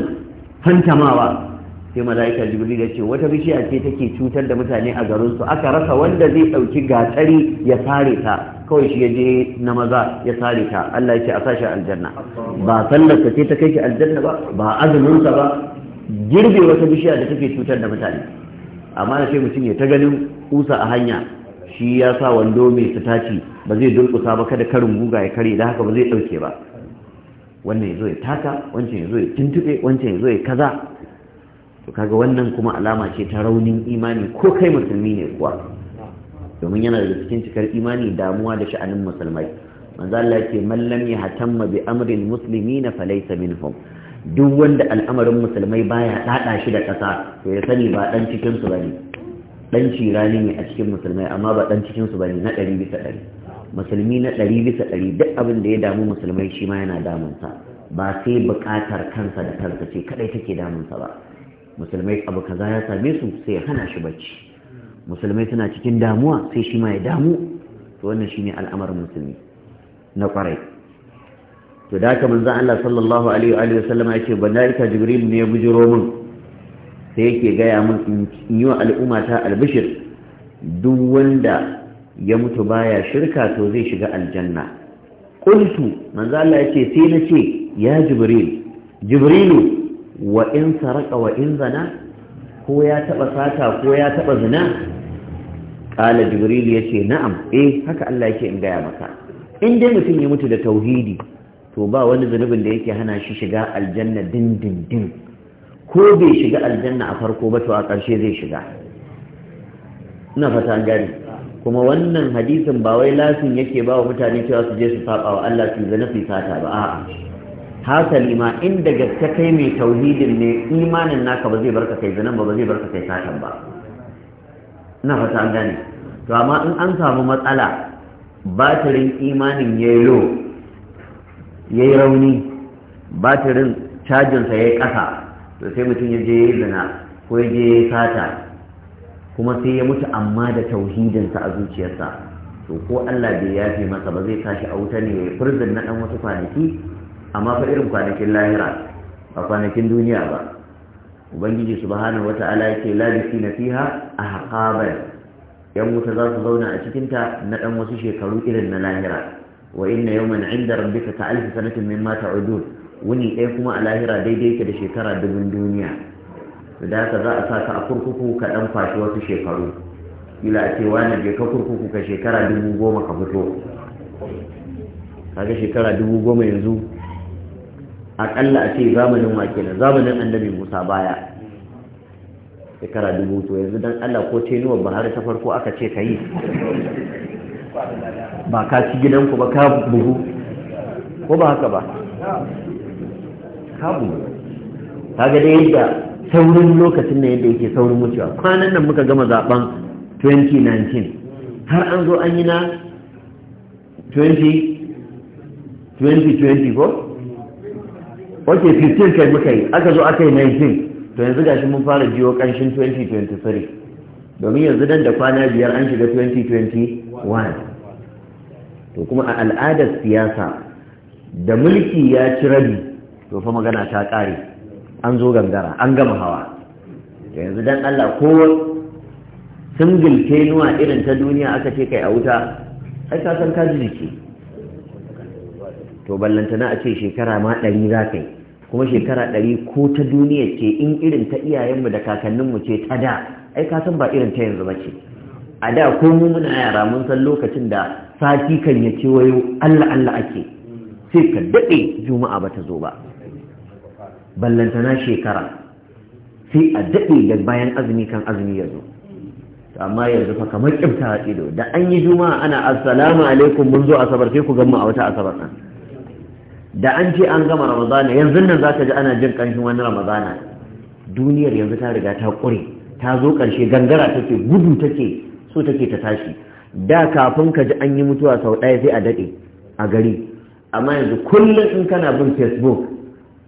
fantamawa sai mala'ika jibril ya ce wata bishiya ce take cutar da mutane a garin su aka rasa wanda zai dauki gatsari ya sare ta kawai shi ya je na maza ya sare ta Allah ya ce a sashi aljanna ba sallar ce ta kai shi aljanna ba ba azumin sa ba girbe wata bishiya da take cutar da mutane amma sai mutum ya ta ganin kusa a hanya shi ya sa wando mai sitaci ba zai durkusa ba kada karin guga ya kare da haka ba zai dauke ba wannan ya zo ya taka wancan ya zo ya tuntube wancan ya zo ya kaza to kaga wannan kuma alama ce ta raunin imani ko kai musulmi ne kuwa domin yana da cikin cikar imani damuwa da sha'anin musulmai manzo Allah yake man lam yahtamma bi amrin muslimina falaysa minhum duk wanda al'amarin musulmai baya dada shi da kasa to ya sani ba dan cikin su bane dan cirani ne a cikin musulmai amma ba dan cikin su bane na 100 bisa 100 musulmi na 100 bisa 100 duk abin da ya damu musulmai shi ma yana damunsa ba sai bukatar kansa da kansa ce kadai take damunsa ba musulmai abu kaza ya same su sai ya hana shi bacci musulmai suna cikin damuwa sai shi ma ya damu to wannan shine al'amarin musulmi na kwarai to da haka manzon Allah sallallahu alaihi wa alihi wasallam ya ce jibril ne ya bujiro min sai yake gaya min in yi wa al'umma ta albishir duk wanda ya mutu baya shirka to zai shiga aljanna qultu manzo Allah yace sai nace ya jibril jibrilu wa in saraka wa in zana ko ya taba sata ko ya taba zina qala jibril yace na'am eh haka Allah yake in gaya maka in dai mutum ya mutu da tauhidi to ba wani zunubin da yake hana shi shiga aljanna din din din ko bai shiga aljanna a farko ba to a karshe zai shiga ina fata an gani kuma wannan hadisin ba wai lasin yake ba wa mutane cewa su je su saba wa Allah su zanafi sata ba a'a hasali ma inda gaske kai mai tauhidin ne imanin naka ba zai barka kai zanen ba ba zai barka kai satan ba na fata an gane to amma in an samu matsala batirin imanin ya yi lo rauni batirin cajinsa ya yi ƙasa to sai mutum ya je ya zina ko ya je ya sata kuma sai ya mutu amma da tauhidinsa a zuciyarsa to ko Allah bai yafe masa ba zai tashi a wuta ne ya furzin na ɗan wasu kwanaki amma fa irin kwanakin lahira ba kwanakin duniya ba ubangiji subhanahu wata'ala yake labisi na fiha a haƙabar yan wuta za su zauna a cikinta na ɗan wasu shekaru irin na lahira wa inna yawman inda rabbika ka alfi sanatin mimma ta'udun wuni ɗaya kuma a lahira daidai yake da shekara dubin duniya da haka za a sa ka a kurkuku ka ɗan fashi wasu shekaru kila a ce wani je ka kurkuku ka shekara dubu goma ka fito kaga shekara dubu goma yanzu aƙalla a ce zamanin wa kenan zamanin annabi musa baya shekara dubu to yanzu don allah ko ce nuwa buhari ta farko aka ce ka yi ba ka ci gidanku ba ka buhu ko ba haka ba ka buhu ta ga dai yadda saurin lokacin ne yadda yake saurin mutuwa. kwanan nan muka gama zaben 2019 har an zo an yi na 2020 ko ok 15 kai muka yi aka zo aka yi 19 to yanzu gashi mun fara jiyo ƙarshen 2023 domin yanzu dan da kwana biyar an shiga 2021 to kuma a al'adar siyasa da mulki ya ci rabi to fa magana ta ƙare an zo gangara an gama hawa to yanzu dan Allah ko singil kenuwa irin ta duniya aka ce kai a wuta ai ka san ka jiki to ballantana a ce shekara ma ɗari za ka yi kuma shekara ɗari ko ta duniya ce in irin ta iyayenmu da kakanninmu ce ta da ai ka san ba irin ta yanzu ba ce a da ko mu muna yara mun san lokacin da sati kan ya ce wayo Allah Allah ake sai ka daɗe juma'a ba ta zo ba ballantana shekara sai a daɗe da bayan azumi kan azumi ya zo amma yanzu fa kamar kyauta ido da an yi juma'a ana assalamu alaikum mun zo asabar sai ku gan a wata asabar nan da an ce an gama ramadana yanzu nan za ka ji ana jin ƙanshin wani ramadana duniyar yanzu ta riga ta ƙure ta zo ƙarshe gangara take gudu take so take ta tashi da kafin ka ji an yi mutuwa sau ɗaya sai a daɗe a gari amma yanzu kullum in kana bin facebook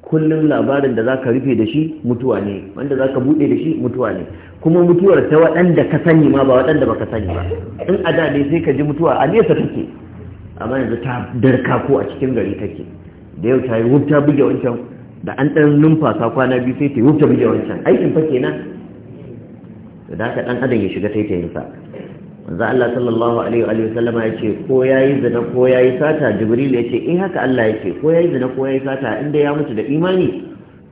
kullum labarin da za ka rufe da shi mutuwa ne wanda za ka buɗe da shi mutuwa ne kuma mutuwar ta waɗanda ka sani ma ba waɗanda ba ka sani ba in a da ne sai ka ji mutuwa a nesa take amma yanzu ta darka ko a cikin gari take da yau ta yi wuta buge wancan da an ɗan numfasa kwana biyu sai ta yi wuta buge wancan aikin fa kenan da haka ɗan adam ya shiga taitayinsa manzo Allah sallallahu alaihi wa sallama ya ce ko yayi zina ko yayi sata jibril ya ce eh haka Allah ya ce ko yayi zina ko yayi sata inda ya mutu da imani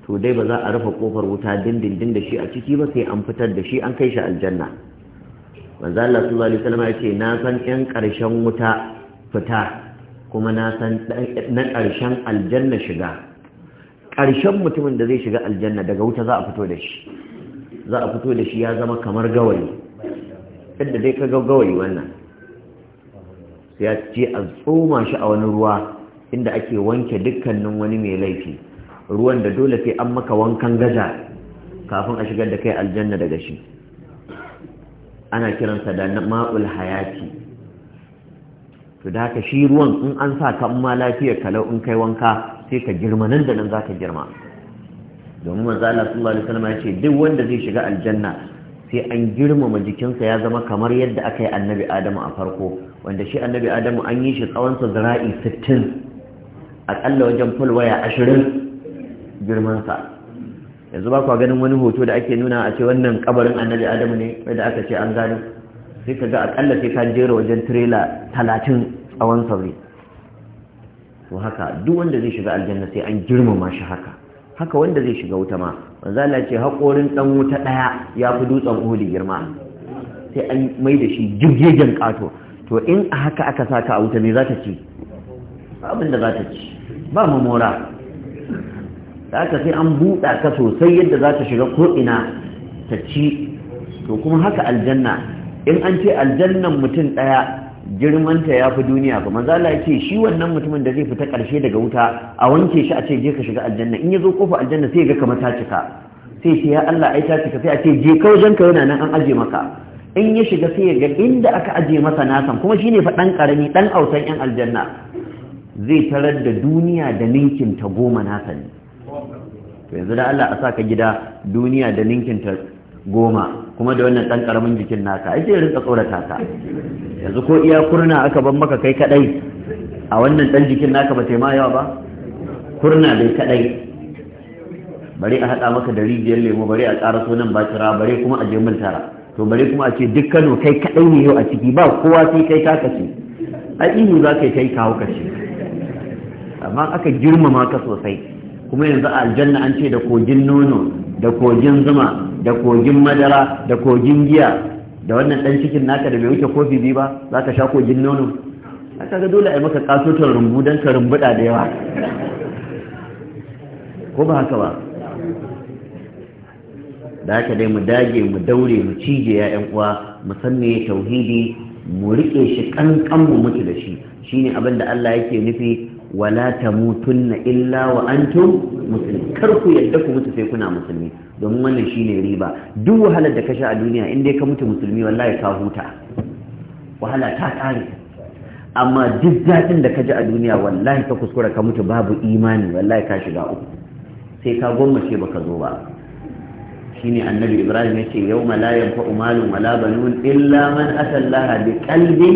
to dai ba za a rufe kofar wuta dindindin da shi a ciki ba sai an fitar da shi an kai shi aljanna manzo Allah sallallahu alaihi wa sallama ya ce na san ƴan ƙarshen wuta fita kuma na san na ƙarshen aljanna shiga ƙarshen mutumin da zai shiga aljanna daga wuta za a fito da shi za a fito da shi ya zama kamar gawayi yadda dai ka gawayi wannan ya ce a tsoma shi a wani ruwa inda ake wanke dukkanin wani mai laifi ruwan da dole sai an maka wankan gaza kafin a shigar da kai aljanna daga shi ana kiransa da ma'ul hayati to da haka shi ruwan in an sa ka ma lafiyar kalau in kai wanka sai ka girma nan da nan za ka girma domin manzo sallallahu alaihi wasallam ya ce duk wanda zai shiga aljanna sai an girmama jikinsa ya zama kamar yadda aka yi annabi Adamu a farko wanda shi annabi Adamu an yi shi tsawonsa zira'i 60 akalla wajen waya 20 girmansa yanzu ba kwa ganin wani hoto da ake nuna a ce wannan kabarin annabi adamu ne wadda aka ce an gano sai ka ga akalla sai ka jera wajen tirela talatin tsawon sauri to haka duk wanda zai shiga aljanna sai an girmama shi haka haka wanda zai shiga wuta ma manzo ya ce haƙorin ɗan wuta ɗaya ya fi dutsen Uhud girma sai an mai da shi jirgegen kato to in a haka aka ka a wuta me za ta ci abin da za ta ci ba mamora da aka sai an buɗa ka sosai yadda za ta shiga ko'ina ta ci to kuma haka aljanna in an ce aljannan mutum ɗaya girmanta ya fi duniya ba maza Allah ce shi wannan mutumin da zai fita ƙarshe daga wuta a wanke shi a ce je ka shiga aljanna in ya zo kofa aljanna sai ga kamar ta cika sai ce ya Allah ai ta cika sai a ce je ka wajen ka yana nan an aje maka in ya shiga sai ga inda aka aje masa nasan kuma shine fa dan karami dan autan yan aljanna zai tarar da duniya da ninkin ta goma nasa ne yanzu da Allah a saka gida duniya da ninkin ta goma kuma da wannan ɗan ƙaramin jikin naka ake rinka tsorata ka yanzu ko iya kurna aka ban maka kai kaɗai a wannan ɗan jikin naka ba taima yawa ba kurna dai kaɗai bari a haɗa maka da rijiyar lemo bari a ƙara sunan bacira bari kuma a je mil tara to bari kuma a ce duk kano kai kaɗai ne yau a ciki ba kowa sai kai ka kashe a ihu za ka kai kawo kashe amma aka girmama ka sosai kuma yanzu aljanna an ce da kogin nono da kogin zuma da kogin madara da kogin giya da wannan dan cikin naka da bai wuce kofi biyu ba za ka sha kogin nono haka ga dole a yi maka kasotar rumbu don ka rumbuɗa da yawa ko ba haka ba da haka dai mu dage mu daure mu cije ya uwa mu san me tauhidi mu rike shi kankan mu mutu da shi shine abin da Allah yake nufi wala tamutunna illa wa antum ku yarda ku mutu sai kuna musulmi domin wannan shine riba duk wahalar da ka sha a duniya in dai ka mutu musulmi wallahi ka huta wahala ta kare amma duk daɗin da ka ji a duniya wallahi ka kuskura ka mutu babu imani wallahi ka shiga uku sai ka gwammace baka zo ba shine annabi ibrahim yace yawma la yanfa'u malun wala banun illa man atallaha kalbi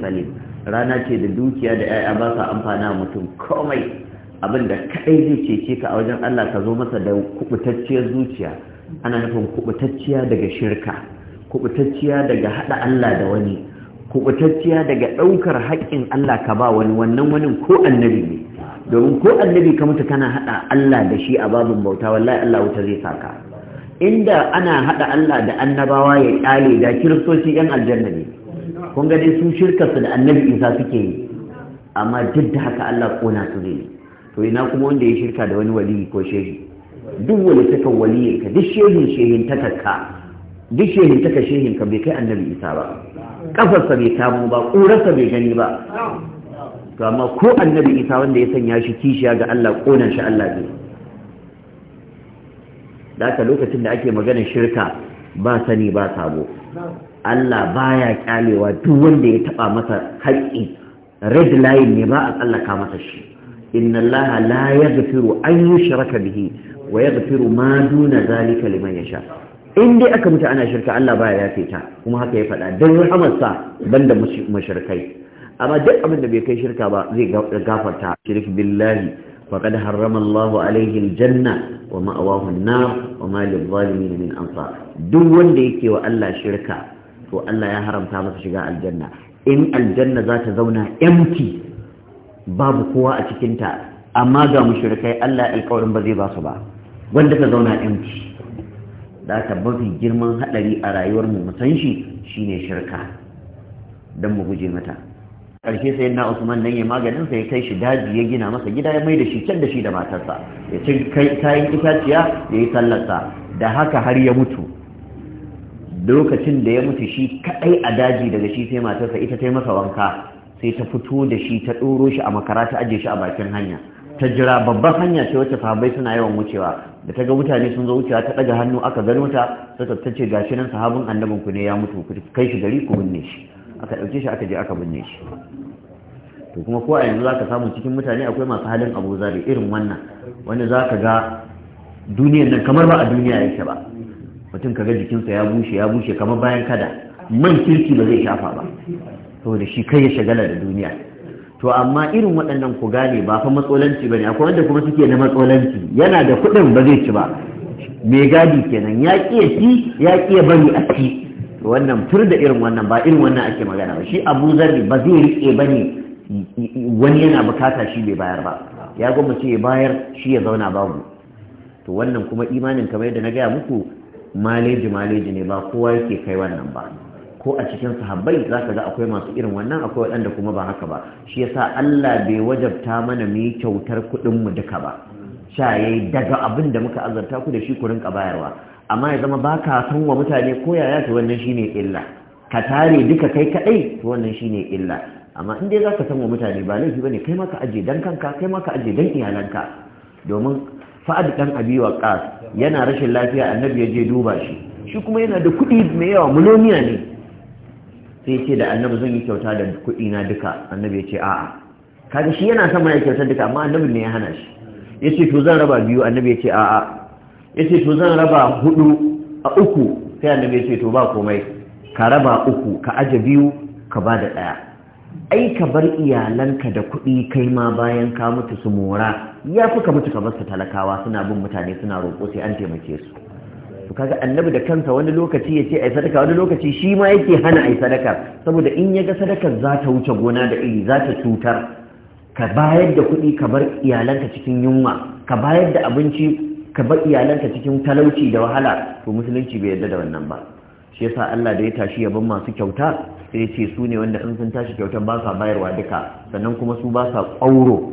salim rana ce da dukiya da 'ya'ya ba sa amfana mutum komai abin da kaɗai zai cece ka a wajen Allah ka zo masa da kubutacciyar zuciya ana nufin kubutacciya daga shirka kubutacciya daga haɗa Allah da wani kubutacciya daga ɗaukar haƙƙin Allah ka ba wani wannan wani ko annabi ne domin ko annabi ka mutu kana haɗa Allah da shi a babin bauta wallahi Allah wuta zai saka inda ana haɗa Allah da annabawa ya ƙyale da kiristoci ƴan aljanna ne kun ga dai su shirkarsu da annabi isa suke yi amma duk da haka allah kona su zai to ina kuma wanda ya shirka da wani waliyi ko shehi duk wani taka waliyi ka duk shehin shehin ka duk shehin taka shehin ka bai kai annabi isa ba kafarsa bai kamo ba ƙurarsa bai gani ba to amma ko annabi isa wanda ya sanya shi kishiya ga allah konan shi allah ne da ka lokacin da ake maganar shirka ba sani ba sabo Allah baya kyalewa duk wanda ya taba masa haƙƙi red line ne ba a tsallaka masa shi inna Allah la yaghfiru an yushraka bihi wa yaghfiru ma duna zalika liman yasha in dai aka mutu ana shirka Allah baya yafe ta kuma haka ya faɗa don sa banda mushrikai amma duk abin da bai kai shirka ba zai gafarta shirk billahi فقد حرم الله wa الجنة ومأواه النار وما للظالمين من أنصار دون wa Allah shirka. to Allah ya haramta masa shiga aljanna in aljanna za ta zauna empty babu kowa a cikinta amma ga mushrikai Allah alƙawarin ba zai ba su ba wanda ta zauna empty da ta mafi girman haɗari a rayuwar mu musan shi shine shirka don mu guje mata ƙarshe sai na Usman nan ya maganin sai kai shi daji ya gina masa gida ya mai da shi can da shi da matarsa ya ci kayan itaciya ya yi sallarsa da haka har ya mutu lokacin da ya mutu shi kadai a daji daga shi sai matarsa ita ta yi masa wanka sai ta fito da shi ta ɗoro shi a makara ta aje shi a bakin hanya ta jira babban hanya ce wacce sahabbai suna yawan wucewa da ta ga mutane sun zo wucewa ta ɗaga hannu aka gano ta sai ta ce gashi nan sahabin annabin ku ne ya mutu ku kai shi gari ku binne shi aka ɗauke shi aka je aka binne shi to kuma ko a yanzu zaka samu cikin mutane akwai masu halin abu zari irin wannan wanda zaka ga duniyar nan kamar ba a duniya yake ba mutum kaga jikinsa ya bushe ya bushe kamar bayan kada man kirki ba zai shafa ba saboda shi kai ya shagala da duniya to amma irin waɗannan ku gane ba fa matsolanci bane akwai wanda kuma suke na matsolanci yana da kuɗin ba zai ci ba me gadi kenan ya ƙi ya ci ya ƙi bari a ci wannan fur da irin wannan ba irin wannan ake magana ba shi abu zarri ba zai riƙe ba wani yana bukata shi bai bayar ba ya gwamnati ya bayar shi ya zauna babu to wannan kuma imanin kamar yadda na gaya muku maleji maleji ne ba kowa yake kai wannan ba ko a cikin sahabbai za ka ga akwai masu irin wannan akwai waɗanda kuma ba haka ba shi yasa Allah bai wajabta mana mu kyautar kuɗin mu duka ba sha yayi daga abin da muka azarta ku da shi ku rinka bayarwa amma ya zama baka san wa mutane ko yaya to wannan shine illa ka tare duka kai kaɗai to wannan shine illa amma in dai za ka san wa mutane ba laifi ne kai ma ka aje dan kanka kai ma ka aje dan iyalanka domin fa'ad ɗan abi ƙas yana rashin lafiya annabi ya je duba shi shi kuma yana da kuɗi mai yawa miloniya ne sai ce da annabi zan yi kyauta da kuɗi na duka annabi ya ce a'a kaga shi yana sama ya kyauta duka amma annabi ne ya hana shi ce to zan raba biyu annabi ya ce a'a ce to zan raba hudu a uku sai annabi ya ce to ba komai ka raba uku ka aje biyu ka ba da ɗaya ai ka bar iyalanka da kuɗi kai ma bayan ka mutu su mora ya fi ka mutu ka bar su talakawa suna bin mutane suna roƙo sai an taimake su to kaga annabi da kansa wani lokaci ya ce ai sadaka wani lokaci shi ma yake hana ai sadaka saboda in ya ga sadakar za ta wuce gona da iri za ta cutar ka bayar da kuɗi ka bar iyalanka cikin yunwa ka bayar da abinci ka bar iyalanka cikin talauci da wahala to musulunci bai yarda da wannan ba shi yasa Allah da ya tashi yaban masu kyauta sai ce su ne wanda in sun tashi kyauta ba sa bayarwa duka sannan kuma su ba sa ƙauro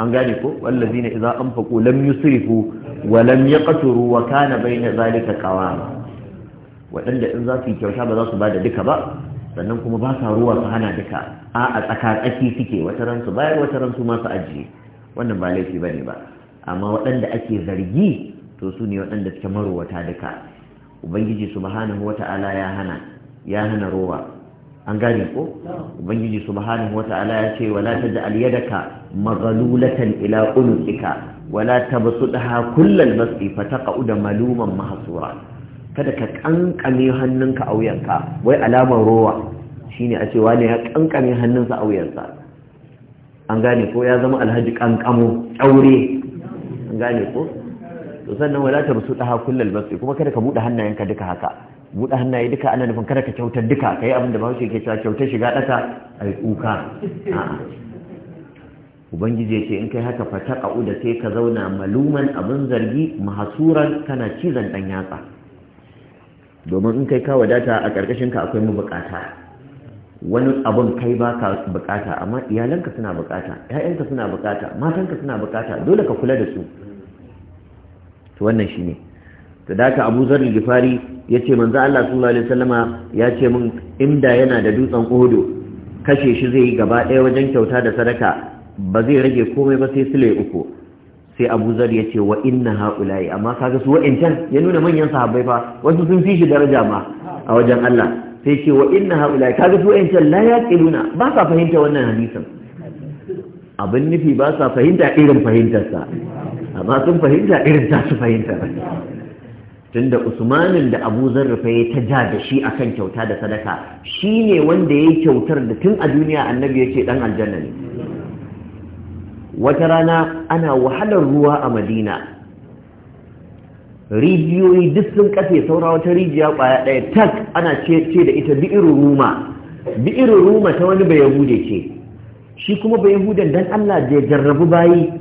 an gane ko wallazina idza anfaqu lam yusrifu wa lam yaqturu wa kana bayna zalika qawama wadanda in za su kyauta ba za su bada duka ba sannan kuma ba sa ruwa su hana duka a a tsakatsaki suke wata ran su bayar wata ran su ma su ajiye wannan ba laifi bane ba amma wadanda ake zargi to su ne wadanda suke marowata duka ubangiji subhanahu wata'ala ya hana ya hana rowa an gane ko ubangiji subhanahu wata'ala ya ce wala taj'al yadaka maghlulatan ila unuqika wala tabsutha kullal basi fataqa'uda maluman mahsura kada ka kankame hannunka a wuyanka wai alamar rowa shine a cewa ne ya kankame hannunsa a wuyansa an gane ko ya zama alhaji kankamo aure an gane ko to sannan wala ta rusu daha kullal basri kuma kada ka bude hannayenka duka haka bude hannaye duka ana nufin kada ka kyautar duka kai abin da shi ke cewa kyautar shiga daka ai kuka ubangiji ya ce in kai haka fata da sai ka zauna maluman abin zargi mahasuran kana cizon dan yatsa domin in kai ka wadata a karkashin ka akwai mu bukata wani abin kai ba ka bukata amma iyalanka suna bukata ƴaƴanka suna bukata matanka suna bukata dole ka kula da su to wannan shine to da haka Abu Zar al-Ghifari yace manzo Allah sallallahu alaihi wasallama ce min inda yana da dutsen Uhud kashe shi zai yi gaba ɗaya wajen kyauta da sadaka ba zai rage komai ba sai sule uku sai Abu ya ce, wa inna haula'i amma kaga su wa'incan, ya nuna manyan sahabbai fa wasu sun fi shi daraja ma a wajen Allah sai ce wa inna haula kaga su ƴancan la yaqiluna ba sa fahimta wannan hadisin abin nufi ba sa fahimta irin fahimtar sa amma sun fahimta irin ta su fahimta ba. tunda usmanin da abu zarrafa ya ta ja da shi akan kyauta da sadaka shi ne wanda ya yi kyautar da tun a duniya annabi ya ce dan aljanna ne wata rana ana wahalar ruwa a madina rijiyoyi duk sun kafe saura wata rijiya ƙwaya ɗaya tak ana ce da ita bi'irin ruma bi'irin ruma ta wani bai ce shi kuma bai yahudan dan allah da ya jarrabu bayi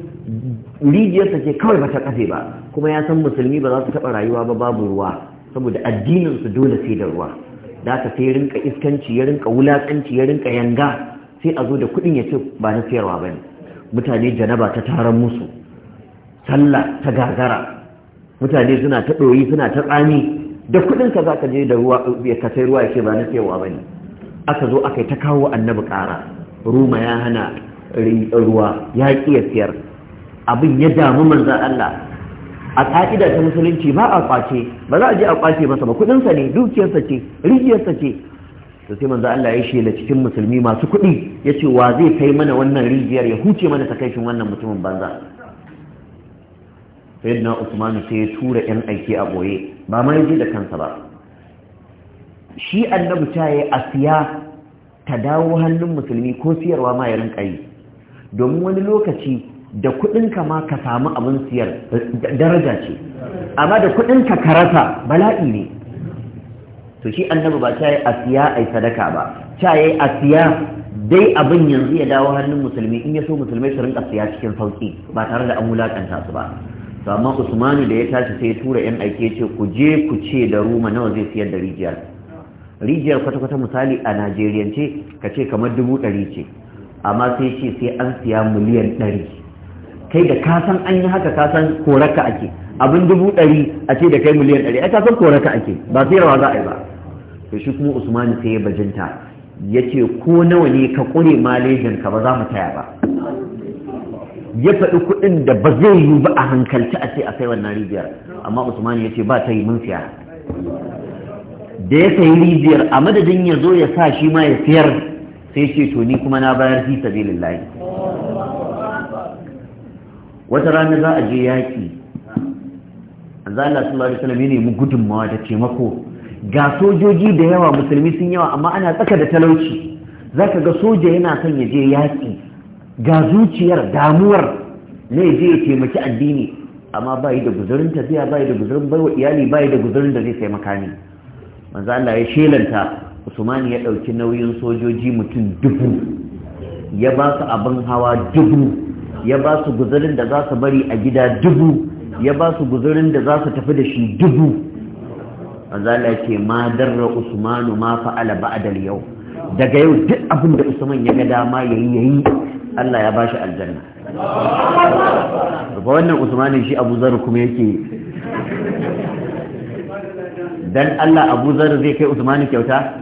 rijiyarsa ce kawai bata kafe ba kuma ya san musulmi ba za su taɓa rayuwa ba babu ruwa saboda addininsu dole sai da ruwa da aka sai rinka iskanci ya rinka wulakanci ya rinka yanga sai a zo da kuɗin ya ce ba na siyarwa ba ne mutane janaba ta taron musu sallah ta gagara mutane suna ta ɗoyi suna ta tsami da ka za ka je da ruwa ka sai ruwa ya ce ba na siyarwa ba ne aka zo aka yi ta kawo annabi ƙara ruma ya hana ruwa ya ƙi ya siyar abin ya damu manzan Allah a ƙa'ida ta musulunci ba a kwace ba za a je a kwace masa ba kudinsa ne dukiyarsa ce rijiyarsa ce to sai manzan Allah ya shela cikin musulmi masu kuɗi ya ce wa zai kai mana wannan rijiyar ya huce mana ta kaifin wannan mutumin banza sayyidina Usman sai ya tura yan aiki a boye ba ma ya je da kansa ba shi annabi ta yi asiya ta dawo hannun musulmi ko siyarwa ma ya rinka yi domin wani lokaci da kuɗinka ma ka samu abin siyar daraja ce amma da kuɗinka ka rasa bala'i ne to shi annabi ba ta a siya ai sadaka ba ta a siya dai abin yanzu ya dawo hannun musulmi in ya so musulmai su rinka siya cikin sauki ba tare da an wulaƙanta su ba to amma usmanu da ya tashi sai ya tura yan aike ce ku je ku ce da ruma nawa zai siyar da rijiyar rijiyar kwata-kwata misali a najeriyance ka ce kamar dubu ɗari ce amma sai ce sai an siya miliyan ɗari kai da ka san an yi haka ka san koraka ake abin dubu ɗari a ce da kai miliyan ɗari ai ka san koraka ake ba sai rawa za a yi ba to shi kuma usmani sai ya bajinta ya ce ko nawa ne ka ƙure malejin ka ba za mu taya ba ya faɗi kuɗin da ba zai yi ba a hankalci a ce a sai wannan rijiyar amma usmani ya ce ba ta yi mun siya da ya sayi rijiyar a madadin ya zo ya sa shi ma ya siyar sai ce to ni kuma na bayar fi sabilillahi wata rana za a je yaƙi a Allah su lari ne mu gudunmawa da taimako ga sojoji da yawa musulmi sun yawa amma ana tsaka da talauci Za ka ga soja yana son ya je yaƙi ga zuciyar damuwar ne je ya taimaki addini amma ba yi da guzurin tafiya ba yi da guzurin baiwa iyali ba yi da guzurin da zai sai makami manzo Allah ya shelanta Usman ya ɗauki nauyin sojoji mutum dubu ya ba su abin hawa dubu ya ba su guzurin da za su bari a gida dubu ya ba su guzurin da za su tafi da shi dubu azala ce ma darra usmanu ma fa'ala ba'dal yau daga yau duk abin da usman ya ga dama yayi yayi Allah ya bashi aljanna ba wannan usmanin shi Abu Zar kuma yake dan Allah Abu Zar zai kai usmani kyauta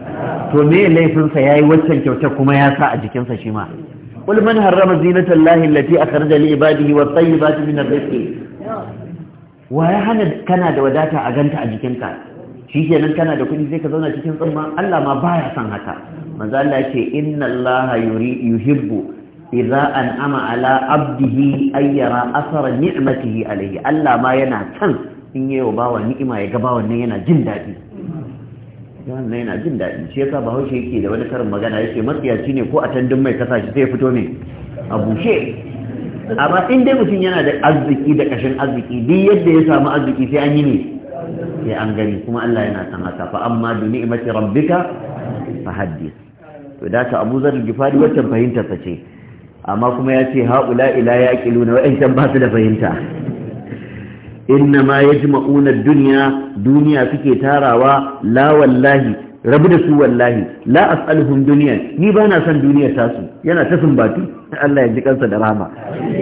to me laifinsa yayi waccan kyauta kuma ya sa a jikinsa shi ma قل من حرم زينة الله التي أخرج لعباده والطيبات من الرزق ويا هنا كان da wadata a ganta a jikinka shikenan kana da kudi sai ka zauna cikin tsumma Allah ma baya son haka manzo Allah yake inna Allah yuhibbu idza an'ama ala abdihi ayyara asara ni'matihi alayhi Allah ma yana son in yayi wa bawa ni'ima ya ga bawan nan yana jin daɗi wannan yana jin daɗi shi yasa bahaushe yake da wani karin magana yake matsiyaci ne ko a tandun mai kasa shi sai ya fito ne a bushe amma in dai mutum yana da arziki da kashin arziki duk yadda ya samu arziki sai an yi ne sai an gani kuma Allah yana san haka fa amma bi ni'mati rabbika fa haddith to da ta Abu Zar al fahimtar ce amma kuma ya ce haula ila yaqiluna wa'in ba su da fahimta inna ma ya ji ma'unar duniya duniya suke tarawa la wallahi rabu da su wallahi la as'aluhum duniya ni ba na son duniya ta su yana ta sumbatu Allah ya ji kansa da rama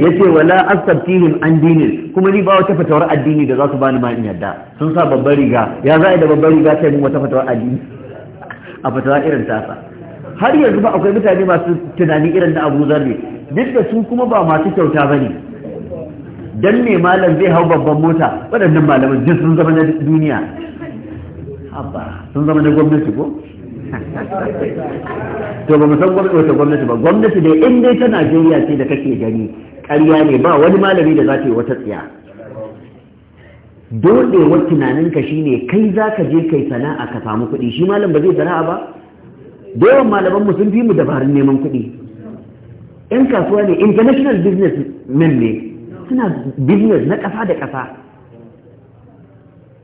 yace wala astabtihim an dinin kuma ni ba wata fatawar addini da za su bani ma in yadda sun sa babbar riga ya za da babbar riga sai mun wata fatawar addini a fatawa irin tasa har yanzu ba akwai mutane masu tunani irin na Abu Zarri duk da su kuma ba masu kyauta bane dan ne malam zai hau babban mota waɗannan malaman jin sun zama na duniya haba sun zama na gwamnati ko
to ba mu san gwamnati wata
gwamnati ba gwamnati da in dai ta Najeriya ce da kake gani ƙarya ne ba wani malami da za ta yi wata tsiya dodewar tunaninka shine kai za ka je kai sana'a ka samu kuɗi shi malam ba zai sana'a ba da yawan malaman mu sun fi mu dabarun neman kuɗi in kasuwa ne international business men ne suna business na ƙasa da ƙasa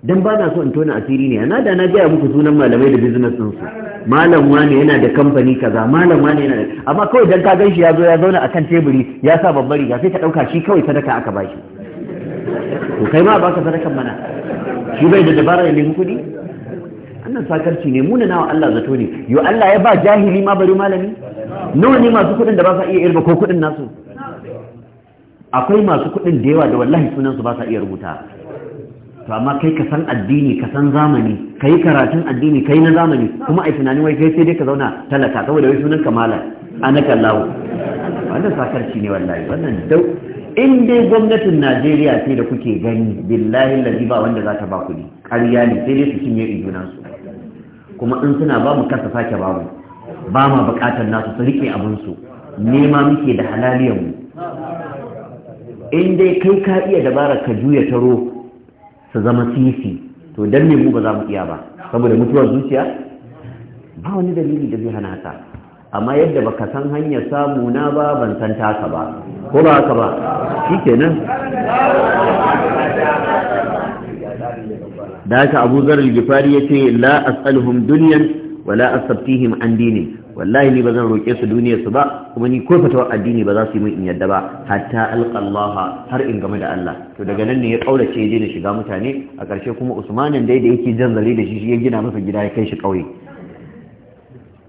don ba na so in tona asiri ne na da na gaya muku sunan malamai da business ɗinsu malam wani yana da kamfani kaza malam wani yana da amma kawai don ka ganshi ya zo ya zauna akan teburi ya sa babbar riga sai ka ɗauka shi kawai sadaka aka bashi to kai ma baka sadakan mana shi bai da dabara ya nemi kuɗi annan sakarci ne muna nawa Allah zato ne yo Allah ya ba jahili ma bari malami nawa ne masu kuɗin da ba sa iya irba ko kuɗin nasu akwai masu kuɗin da yawa da wallahi sunansu ba sa iya rubuta to amma kai ka san addini ka san zamani ka karatun addini kai na zamani kuma ai tunanin wai kai sai dai ka zauna talaka saboda wai sunan kamala anaka Allah wannan sakarci ne wallahi wannan dau in dai gwamnatin najeriya sai da kuke gani billahi lazi ba wanda za ta ba kuɗi ƙarya ne sai dai su cinye su. kuma in suna ba mu kasa sake ba mu ba ma buƙatar nasu su riƙe su nema muke da mu in dai kai ka iya dabara ka juya taro su zama sisi to dan ne mu ba za mu iya ba saboda mutuwar zuciya ba wani dalili da zai hana haka amma yadda baka san hanyar samu na ba ban san taka ba ko ba haka ba shikenan
da haka abu zarar gifari ya ce la as'aluhum dunyan wala asabtihim an dini
wallahi ni ba zan roƙe su duniyar su ba kuma ni ko fatawar addini ba za su yi min in yadda ba hatta alqallaha har in game da Allah to daga nan ne ya kaurace ya daina shiga mutane a ƙarshe kuma usman dai da yake jan zare da shi shi ya gina masa gida ya kai shi kauye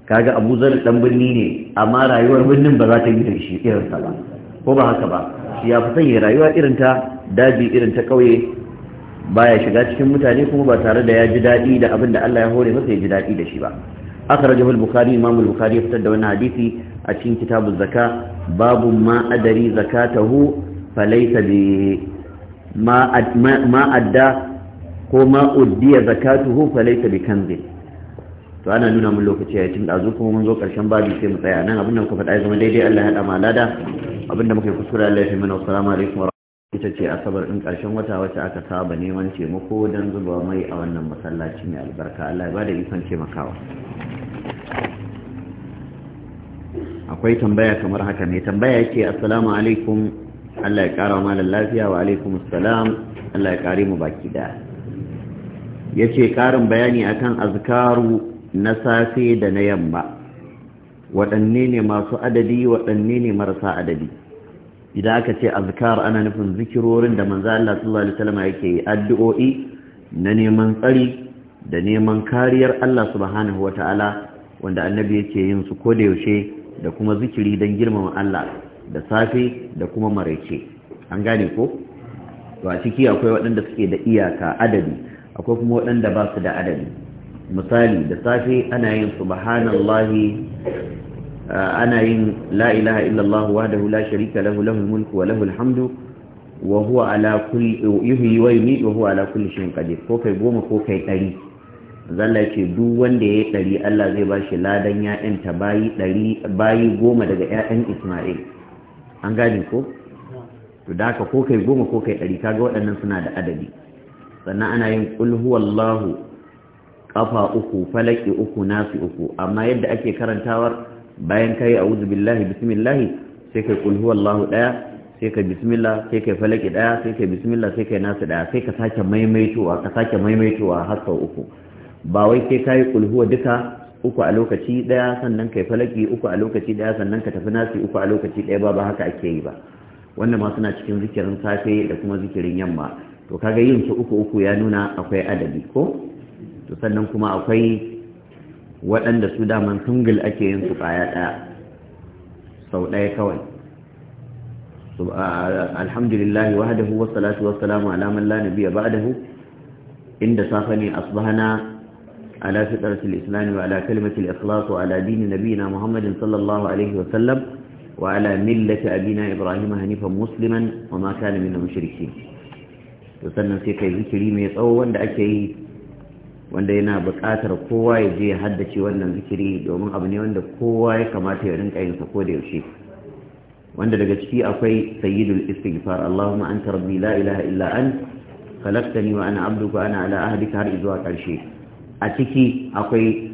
kaga Abu Zar dan birni ne amma rayuwar birnin ba za ta yi da shi irin ba ko ba haka ba shi ya fi sanya rayuwa irin ta daji irin ta ƙauye baya shiga cikin mutane kuma ba tare da ya ji daɗi da abin da Allah ya hore masa ya ji daɗi da shi ba akhrajahu al-bukhari imam al ya fitar da wannan hadisi a cikin kitabuz zaka babu ma adari zakatahu falaysa bi ma ma adda ko ma uddiya to ana nuna mun lokaci ya tun dazu kuma mun zo karshen babu sai mu tsaya nan abin da muka faɗa ya zama daidai Allah ya hada alada abin da muka yi kuskure Allah ya fi mana assalamu alaikum ita ce asabar ɗin ƙarshen wata wacce aka saba neman taimako don zuba mai a wannan masallaci mai albarka Allah ba da ikon taimakawa akwai tambaya kamar haka ne. tambaya yake assalamu alaikum Allah ya ƙara wa malar lafiya wa alaikum assalam Allah ya ƙare mu baki da ya ce ƙarin bayani akan azkaru na safe da na yamma waɗanne ne masu adadi waɗanne ne marasa adadi idan aka ce azkar ana nufin zikirorin da manzo Allah sallallahu alaihi wasallam yake yi addu'o'i na neman tsari da neman kariyar Allah subhanahu wataala wanda annabi yake yin su koda yaushe da kuma zikiri dan girmama Allah da safe da kuma maraice an gane ko to a ciki akwai waɗanda suke da iyaka adadi akwai kuma waɗanda ba su da adadi misali da safe ana yin subhanallahi ana yin la ilaha illallah wahdahu la sharika lahu lahul mulku wa lahul hamdu wa huwa ala kulli yuhyi wa yumiitu wa huwa ala kulli shay'in qadir ko kai goma ko kai dari zalla ce duk wanda yayi dari Allah zai ba shi ladan ya'yan ta bayi dari bayi goma daga ya'yan Isma'il an gani ko to da ka ko kai goma ko kai dari kaga waɗannan suna da adadi sannan ana yin qul huwallahu kafa uku falaki uku nafi uku amma yadda ake karantawar bayan kai a'udhu billahi bismillah sai kai huwa huwallahu daya sai kai bismillah sai kai falaki daya sai kai bismillah sai kai nasu daya sai ka sake maimaitowa ka sake maimaitowa har sau uku ba wai sai kayi qul huwa duka uku a lokaci daya sannan kai falaki uku a lokaci daya sannan ka tafi nasi uku a lokaci daya ba ba haka ake yi ba wannan ma suna cikin zikirin safe da kuma zikirin yamma to kaga yin su uku uku ya nuna akwai adadi ko to sannan kuma akwai waɗanda su daman tungul ake yin su kaya ɗaya sau ɗaya kawai alhamdulillahi wa hadahu wa salatu wa salamu ala man la nabiyya ba'dahu inda safani asbahna a fitrati al-islam wa ala kalimati al-ikhlas wa ala dini nabiyyina muhammadin sallallahu alayhi wa sallam wa ala millati abina ibrahim hanifa musliman wa ma kana min mushrikin to sannan sai kai zikiri mai tsawo wanda ake yi wanda yana buƙatar kowa ya je ya haddace wannan zikiri domin abu ne wanda kowa ya kamata ya rinka yin sa ko da yaushe wanda daga ciki akwai sayyidul istighfar Allahumma anta rabbi la ilaha illa an khalaqtani wa ana abduka ana ala ahdika har zuwa ƙarshe a ciki akwai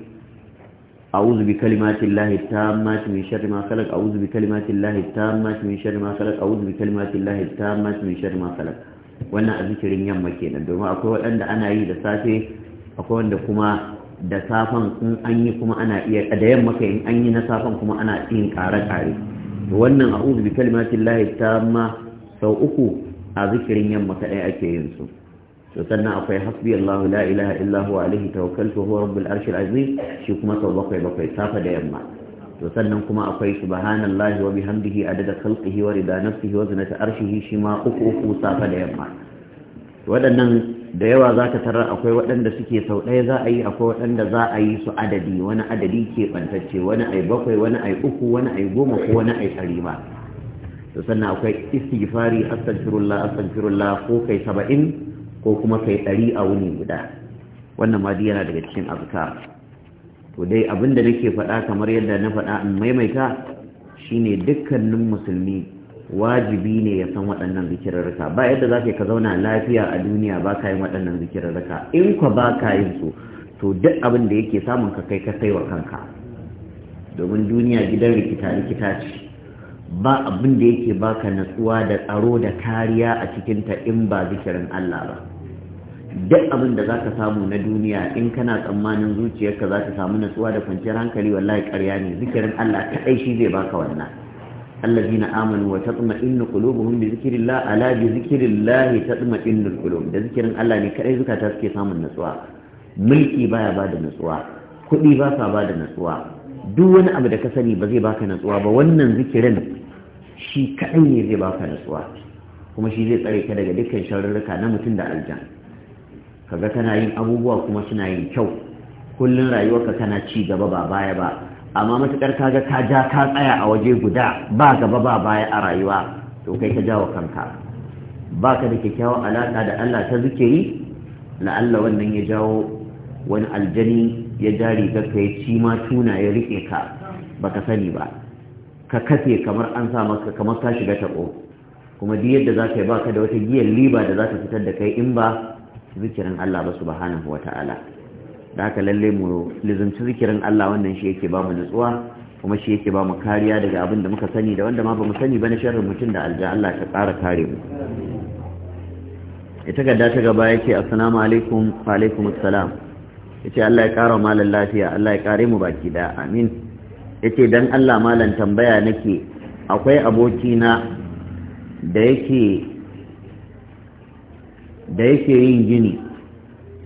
أعوذ بكلمات الله التامات من شر ما خلق أعوذ بكلمات الله التامات من شر ما خلق أعوذ بكلمات الله التامات من شر ما خلق wannan a zikirin yamma kenan domin akwai waɗanda ana yi da safe akwai wanda kuma da safan in an yi kuma ana iya da yamma kai in an yi na safan kuma ana yin kare kare wannan a'udhu bi kalimatin lahi tamma sau uku a zikirin yamma kadai ake yin su to sannan akwai hasbi Allah la ilaha illa huwa alaihi tawakkaltu huwa rabbul arshil azim shi kuma sau bakwai bakwai safa da yamma to sannan kuma akwai subhanallahi wa bihamdihi adada khalqihi wa rida nafsihi wa zinata arshihi shi ma uku uku safa da yamma waɗannan da yawa za ka tarar akwai waɗanda suke sau ɗaya za a yi akwai waɗanda za a yi su adadi wani adadi ke ɓantacce wani ai bakwai wani ai uku wani ai goma ko wani ai ɗari ba to sannan akwai istighfari astaghfirullah astaghfirullah ko kai saba'in ko kuma kai ɗari a wuni guda wannan ma yana daga cikin azkar to dai abin da nake faɗa kamar yadda na faɗa in maimaita shine dukkanin musulmi wajibi ne ya san waɗannan zikirarraka ba yadda za ka zauna lafiya a duniya ba ka yin waɗannan zikirarraka in kwa ba ka yin su to duk abin da yake samun ka kai ka sai wa kanka domin duniya gidan rikita rikita ce ba abin da yake ka natsuwa da tsaro da kariya a cikinta in ba zikirin Allah ba duk abin da zaka samu na duniya in kana tsammanin zuciyarka zaka samu natsuwa da kwanciyar hankali wallahi ƙarya ne zikirin Allah kaɗai shi zai baka wannan الذين آمنوا وتطمئن قلوبهم بذكر الله ألا بذكر الله تطمئن القلوب da zikirin Allah ne kadai zukata suke samun natsuwa mulki baya bada natsuwa kuɗi ba sa bada natsuwa duk wani abu da ka sani ba zai baka natsuwa ba wannan zikirin shi kaɗai ne zai baka natsuwa kuma shi zai tsare ka daga dukkan sharurruka na mutum da aljan kaga kana yin abubuwa kuma suna yin kyau kullun rayuwarka kana ci gaba ba baya ba amma matukar kaga ka ja ka tsaya a waje guda ba gaba ba baya a rayuwa to kai ka jawo kanka ba ka da kyakkyawan alaƙa da Allah ta zikiri allah wannan ya jawo wani aljani ya jari ka ya ci ma tuna ya riƙe ka ba ka sani ba ka kafe kamar an sa maka kamar ka shiga taɓo kuma duk yadda za ka yi baka da wata giyar liba da za ta fitar da kai in ba zikirin Allah ba subhanahu wata'ala da haka lalle mu lizumci zikirin Allah wannan shi yake ba mu nutsuwa kuma shi yake ba mu kariya daga abin da muka sani da wanda ma ba mu sani ba na sharrin mutum da alja Allah ta tsara kare mu ita gadda ta gaba yake assalamu alaikum wa alaikum assalam yace Allah ya kara malan lafiya Allah ya kare mu baki da amin yace dan Allah malan tambaya nake akwai aboki na da yake da yake yin gini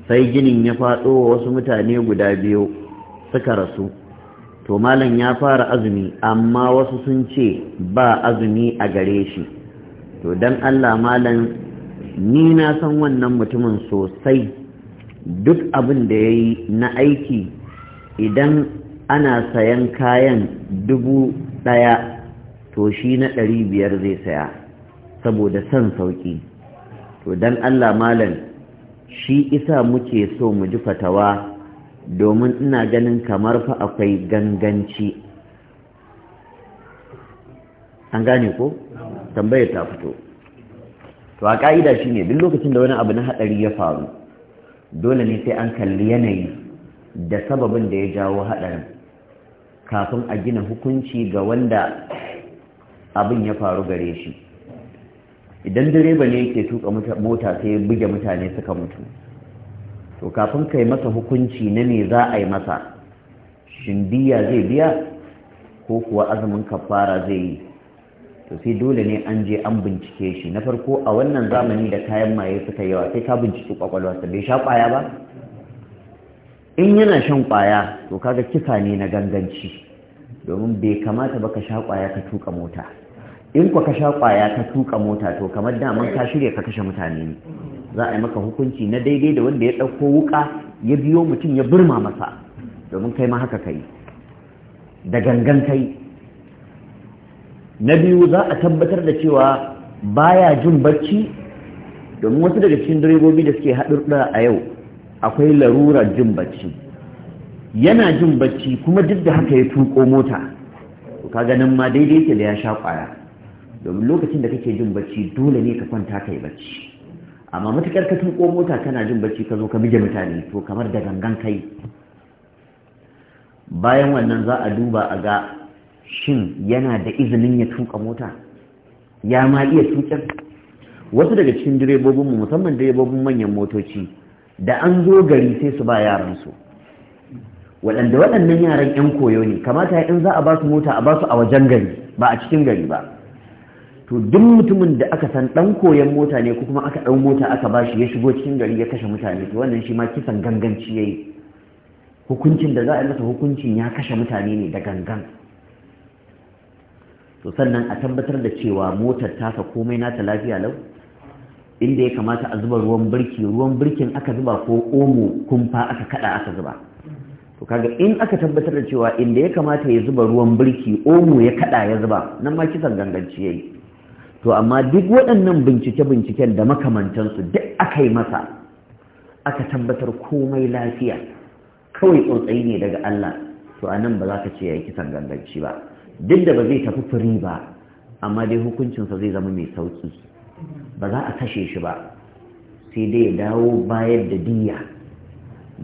sai ginin ya faɗo wa wasu mutane guda biyu suka rasu to malam ya fara azumi amma wasu sun ce ba azumi a gare shi to don allah malam ni na san wannan mutumin sosai duk abin da ya yi na aiki idan ana sayan kayan dubu ɗaya to shi na ɗari biyar zai saya saboda son sauƙi to don allah malam shi isa muke so mu ji fatawa domin ina ganin kamar fa akwai ganganci an gane ko tambayar ta fito to a ka'ida shi ne duk lokacin da wani abu na haɗari ya faru dole ne sai an kalli yanayi da sababin da ya jawo haɗarin kafin a gina hukunci ga wanda abin ya faru gare shi idan direba ne yake tuka mota sai buge mutane suka mutu to kafin kai masa hukunci na me za a yi masa shindiya zai biya ko kuwa azumin kafara zai yi to sai dole ne an je an bincike shi na farko a wannan zamani da kayan maye suka yawa sai ka binciki sai bai sha kwaya ba in yana shan kwaya to kaga kisa ne na ganganci domin bai kamata ba ka sha kwaya ka tuka mota in kwa ka sha kwaya ta tuka mota to kamar daman ka shirya ka kashe mutane ne za a yi maka hukunci na daidai da wanda ya ɗauko wuka ya biyo mutum ya birma masa domin kai ma haka kai da gangan kai na biyu za a tabbatar da cewa baya jin barci domin wasu daga cikin direbobi da suke haɗurɗa a yau akwai larurar jin barci. yana jin barci kuma duk da haka ya tuko mota ka ganin ma daidai ke da ya sha ƙwaya domin lokacin da kake jin bacci dole ne ka kwanta kai bacci amma matukar ka tuko mota kana jin bacci ka zo ka bige mutane to kamar da gangan kai bayan wannan za a duba a ga shin yana da izinin ya tuka mota ya ma iya tukin wasu daga cikin direbobin direbobinmu musamman direbobin manyan motoci da an zo gari sai su ba yaran su. waɗanda waɗannan yaran 'yan koyo ne kamata in za a ba su mota a ba su a wajen gari ba a cikin gari ba to duk mutumin da aka san dan koyan mota ne ko kuma aka dau mota aka bashi ya shigo cikin gari ya kashe mutane to wannan shi ma kisan ganganci yayi hukuncin da za a masa hukuncin ya kashe mutane ne da gangan to sannan a tabbatar da cewa motar ta tasa komai nata lafiya lau inda ya kamata a zuba ruwan birki ruwan birkin aka zuba ko omo kumfa aka kada aka zuba to kaga in aka tabbatar da cewa inda ya kamata ya zuba ruwan birki omo ya kada ya zuba nan ma kisan ganganci yayi to amma duk waɗannan bincike-binciken da makamantansu duk aka yi masa aka tabbatar komai lafiya kawai tsotsayi ne daga Allah to a nan ba za ka ce ya yi kisan ganganci ba duk da ba zai tafi firi ba amma dai hukuncinsa zai zama mai sauki ba za a kashe shi ba sai dai ya dawo bayar da diya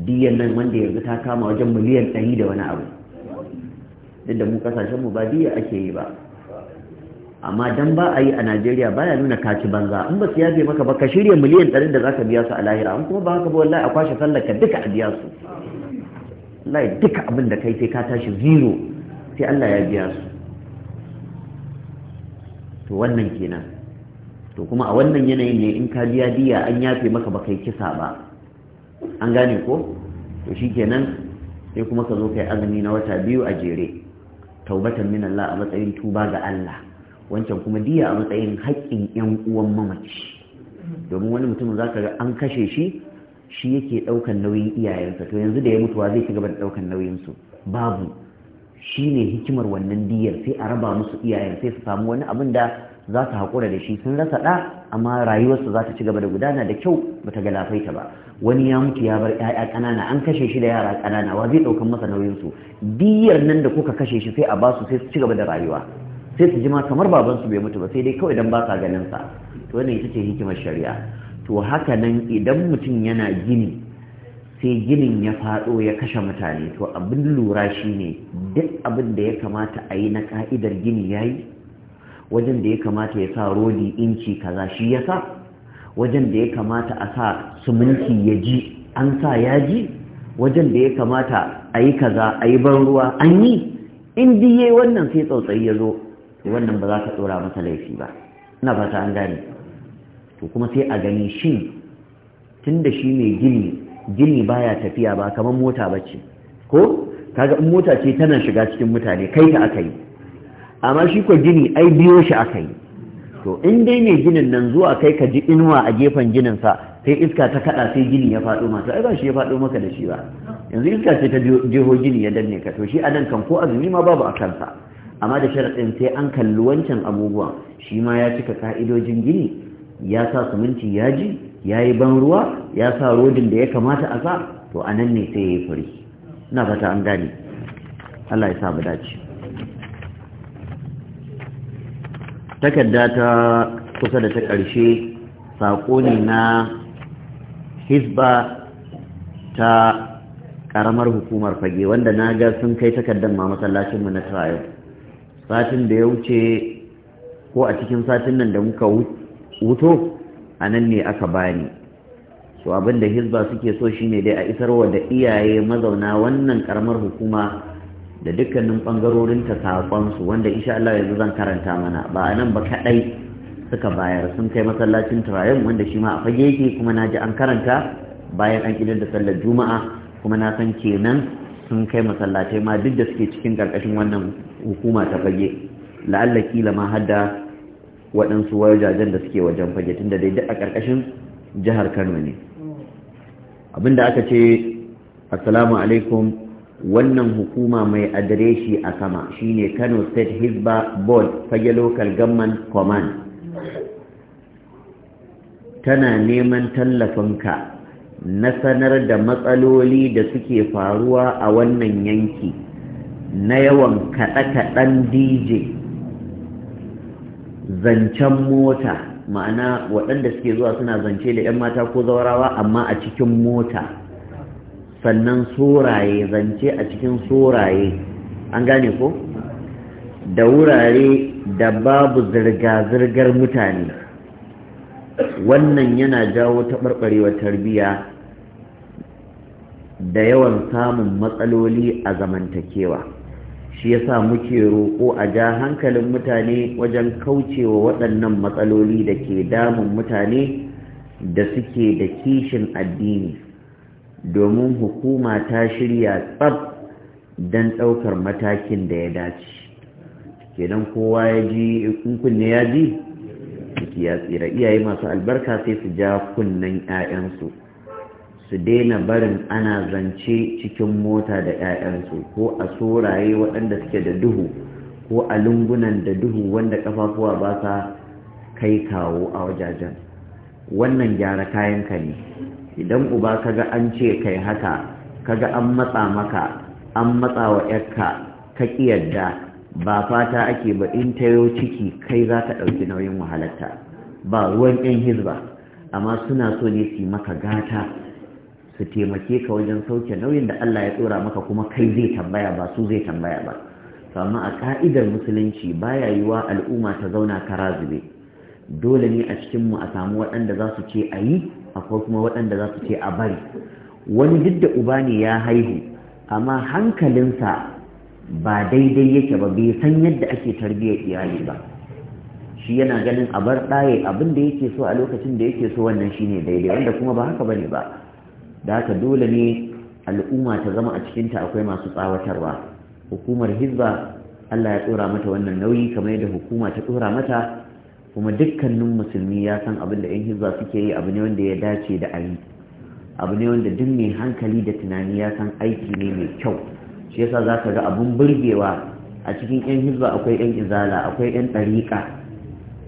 diyan nan wanda yanzu ta kama wajen miliyan ɗari da wani abu duk da mu kasashenmu ba diya ake yi ba amma dan ba a yi a Najeriya baya nuna kaci banza in ba su yafe maka ba ka shirya miliyan ɗari da zaka biya su a lahira in kuma ba haka ba wallahi a kwashe sallar ka duka a biya su wallahi duka abin da kai sai ka tashi zero sai Allah ya biya su to wannan kenan to kuma a wannan yanayin ne in ka biya diya an yafe maka ba kai kisa ba an gane ko to shikenan sai kuma ka zo kai azumi na wata biyu a jere taubatan min a matsayin tuba ga Allah wancan kuma diya a matsayin haƙƙin 'yan uwan mamaci domin wani mutum za ka ga an kashe shi shi yake ɗaukan nauyin iyayensa to yanzu da ya mutuwa zai ci gaba da ɗaukan nauyinsu babu shi ne hikimar wannan diyar sai a raba musu iyayen sai su samu wani abin da za su haƙura da shi sun rasa ɗa amma rayuwarsu za ta ci gaba da gudana da kyau ba ta galafaita ba wani ya mutu ya bar 'ya'ya ƙanana an kashe shi da yara ƙanana wa zai ɗaukan masa nauyinsu diyar nan da kuka kashe shi sai a basu sai su ci gaba da rayuwa sai su ji ma kamar babansu bai mutu ba sai dai kawai dan ba sa ganin sa to wannan ita ce hikimar shari'a to haka nan idan mutum yana gini sai ginin ya faɗo ya kashe mutane to abin lura shine duk abin da ya kamata a yi na ka'idar gini ya yi wajen da ya kamata ya sa rodi inci kaza shi ya sa wajen da ya kamata a sa suminti ya ji an sa ya ji wajen da ya kamata a yi kaza a yi ban ruwa an yi in biye wannan sai tsautsayi ya zo sai wannan ba za ka ɗora masa laifi ba ina fata an gane to kuma sai a gani shin tun da shi mai gini gini baya tafiya ba kamar mota ba ce ko kaga in mota ce tana shiga cikin mutane kai ta aka yi amma shi ko gini ai biyo shi aka yi to in dai mai ginin nan zuwa kai ka ji inuwa a gefen ginin sa sai iska ta kada sai gini ya faɗo masa ai ba shi ya faɗo maka da shi ba yanzu iska ce ta jeho gini ya danne ka to shi anan kan ko azumi ma babu a kansa amma da sharaɗin sai an kalli wancan abubuwan shi ma ya cika ka'idojin gini ya sa siminti ya ji ya yi ban ruwa ya sa rodin da ya kamata a sa to a nan ne sai ya yi fari na fata an gane Allah ya sa mu dace takarda ta kusa da ta ƙarshe saƙo ne na hisba ta ƙaramar hukumar fage wanda na ga sun kai takardar ma masallacinmu na trial satin da ya wuce ko a cikin satin nan da muka wuto a nan ne aka bani so da Hisba suke so shine dai a isarwa da iyaye mazauna wannan karamar hukuma da dukkanin bangarorin ta saƙonsu wanda insha Allah yanzu zan karanta mana ba a nan ba kaɗai suka bayar sun kai masallacin turayen wanda shi ma a fage yake kuma na ji an karanta bayan an idar da sallar juma'a kuma na san kenan sun kai masallatai ma duk da suke cikin ƙarƙashin wannan hukuma ta fage la'alla kila ma hadda waɗansu wajajen da suke wajen fage tun da dai duk a ƙarƙashin jihar Kano ne abinda aka ce assalamu alaikum wannan hukuma mai adireshi a sama shine Kano State hisba Board fage local government command tana neman tallafinka na sanar da matsaloli da suke faruwa a wannan yanki na yawan kaɗe kaɗan dj zancen mota ma'ana waɗanda suke zuwa suna zance da 'yan mata ko zaurawa amma a cikin mota sannan soraye zance a cikin soraye an gane ko da wurare da babu zirga-zirgar mutane wannan yana jawo taɓarɓarewar tarbiyya da yawan samun matsaloli a zamantakewa shi ya sa muke roƙo a ja hankalin mutane wajen kaucewa waɗannan matsaloli da ke damun mutane da suke da kishin addini domin hukuma ta shirya tsab don ɗaukar matakin da ya dace kenan kowa ya ji kunne ya ji ya tsira iyaye masu albarka sai su ja kunnen 'ya'yansu su daina barin ana zance cikin mota da 'ya'yansu ko a soraye waɗanda suke da duhu ko a lungunan da duhu wanda kafafuwa ba sa kai kawo a wajajen wannan gyara kayanka ne idan uba kaga an ce kai haka kaga an matsa maka an matsa wa yarka ka kiyarda ba fata ake ba in tayo ciki kai za ka ɗauki nauyin wahalarta ba ruwan 'yan hizba amma suna so ne su yi maka gata su taimake ka wajen sauke nauyin da Allah ya tsora maka kuma kai zai tambaya ba su zai tambaya ba to amma a ka'idar musulunci baya yiwa al'umma ta zauna kara zube dole ne a cikin mu a samu waɗanda za su ce a yi akwai kuma waɗanda za su ce a bari wani duk da uba ne ya haihu amma hankalinsa ba daidai yake ba bai san yadda ake tarbiyyar iyali ba shi yana ganin a bar ɗaye abinda yake so a lokacin da yake so wannan shine daidai wanda kuma ba haka bane ba da haka dole ne al'umma ta zama a cikinta akwai masu tsawatarwa hukumar hizba Allah ya tsora mata wannan nauyi kamar yadda hukuma ta tsora mata kuma dukkanin musulmi ya san abin da 'yan hizba suke yi abu ne wanda ya dace da ayi abu ne wanda duk mai hankali da tunani ya san aiki ne mai kyau shi yasa za ka ga abun burgewa a cikin 'yan hizba akwai 'yan izala akwai 'yan ɗariƙa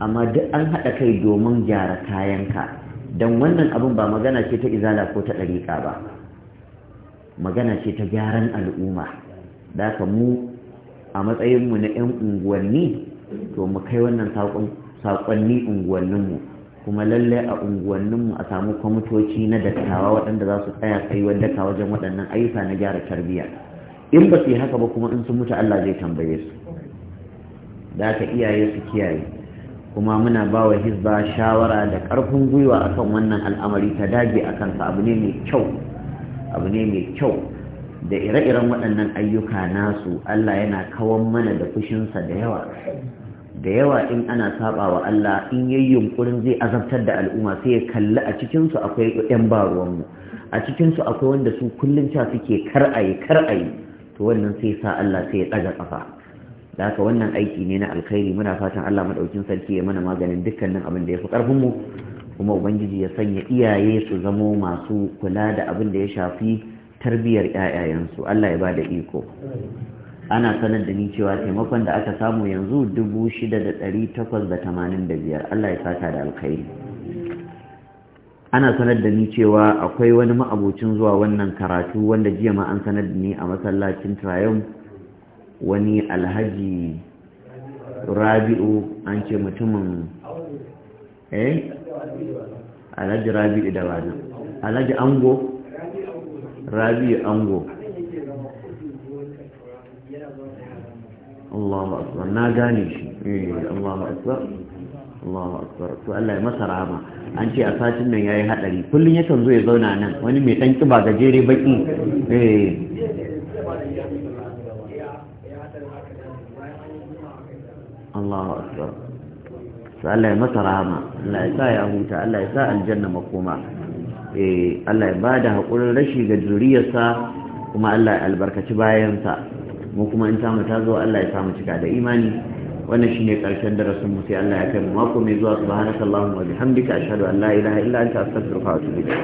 amma duk an haɗa kai domin gyara kayan ka. don wannan abin ba magana ce ta izala ko ta ɗariƙa ba magana ce ta gyaran al'umma da ka mu a matsayinmu na 'yan unguwanni to mu kai wannan saƙonni unguwanninmu kuma lalle a unguwanninmu a samu kwamitoci na dattawa waɗanda za su tsaya tsayuwar daka wajen waɗannan ayyuka na gyara tarbiyya in ba su yi haka ba kuma in sun mutu Allah zai tambaye su da ka iyaye su kiyaye kuma muna ba wa hizba shawara da ƙarfin gwiwa akan wannan al'amari ta dage a kansa abu ne mai kyau abu ne mai kyau da ire-iren waɗannan ayyuka nasu Allah yana kawan mana da fushinsa da yawa da yawa in ana saba wa Allah in yayi yunkurin zai azabtar da al'umma sai ya kalli a cikinsu akwai ɗan baruwan mu a cikinsu akwai wanda su kullum ta suke kar ayi kar ayi to wannan sai sa Allah sai ya ɗaga ƙafa. da haka wannan aiki ne na alkhairi muna fatan Allah madaukin sarki ya mana maganin dukkanin abin da ya fi karfin mu kuma ubangiji ya sanya iyaye su zamo masu kula da abin da ya shafi tarbiyar ƴaƴayensu Allah ya ba da iko ana sanar da ni cewa taimakon da aka samu yanzu dubu shida da ɗari takwas da tamanin da biyar Allah ya saka da alkhairi ana sanar da ni cewa akwai wani ma'abocin zuwa wannan karatu wanda jiya ma an sanar da ni a masallacin triumph wani alhaji rabi'u an ce mutumin eh alhaji rabi'u da wani alhaji ango
rabi'u ango
Allahu akbar na gane shi eh Allahu Allah Allahu akbar to Allah ya masa rahama an ce a satin nan yayi hadari kullun yakan zo ya zauna nan wani mai dan kiba gajere baki eh Allahu Allah ya masa rama Allah ya sa ya huta Allah ya sa aljanna makoma eh Allah ya bada hakurin rashi ga zuriyarsa kuma Allah ya albarkaci bayansa mu kuma in samu ta zo Allah ya samu cika da imani wannan shi ne karshen darasin mu sai Allah ya kai mu mako mai zuwa subhanakallahumma wa bihamdika ashhadu an la ilaha illa anta astaghfiruka wa atubu ilayk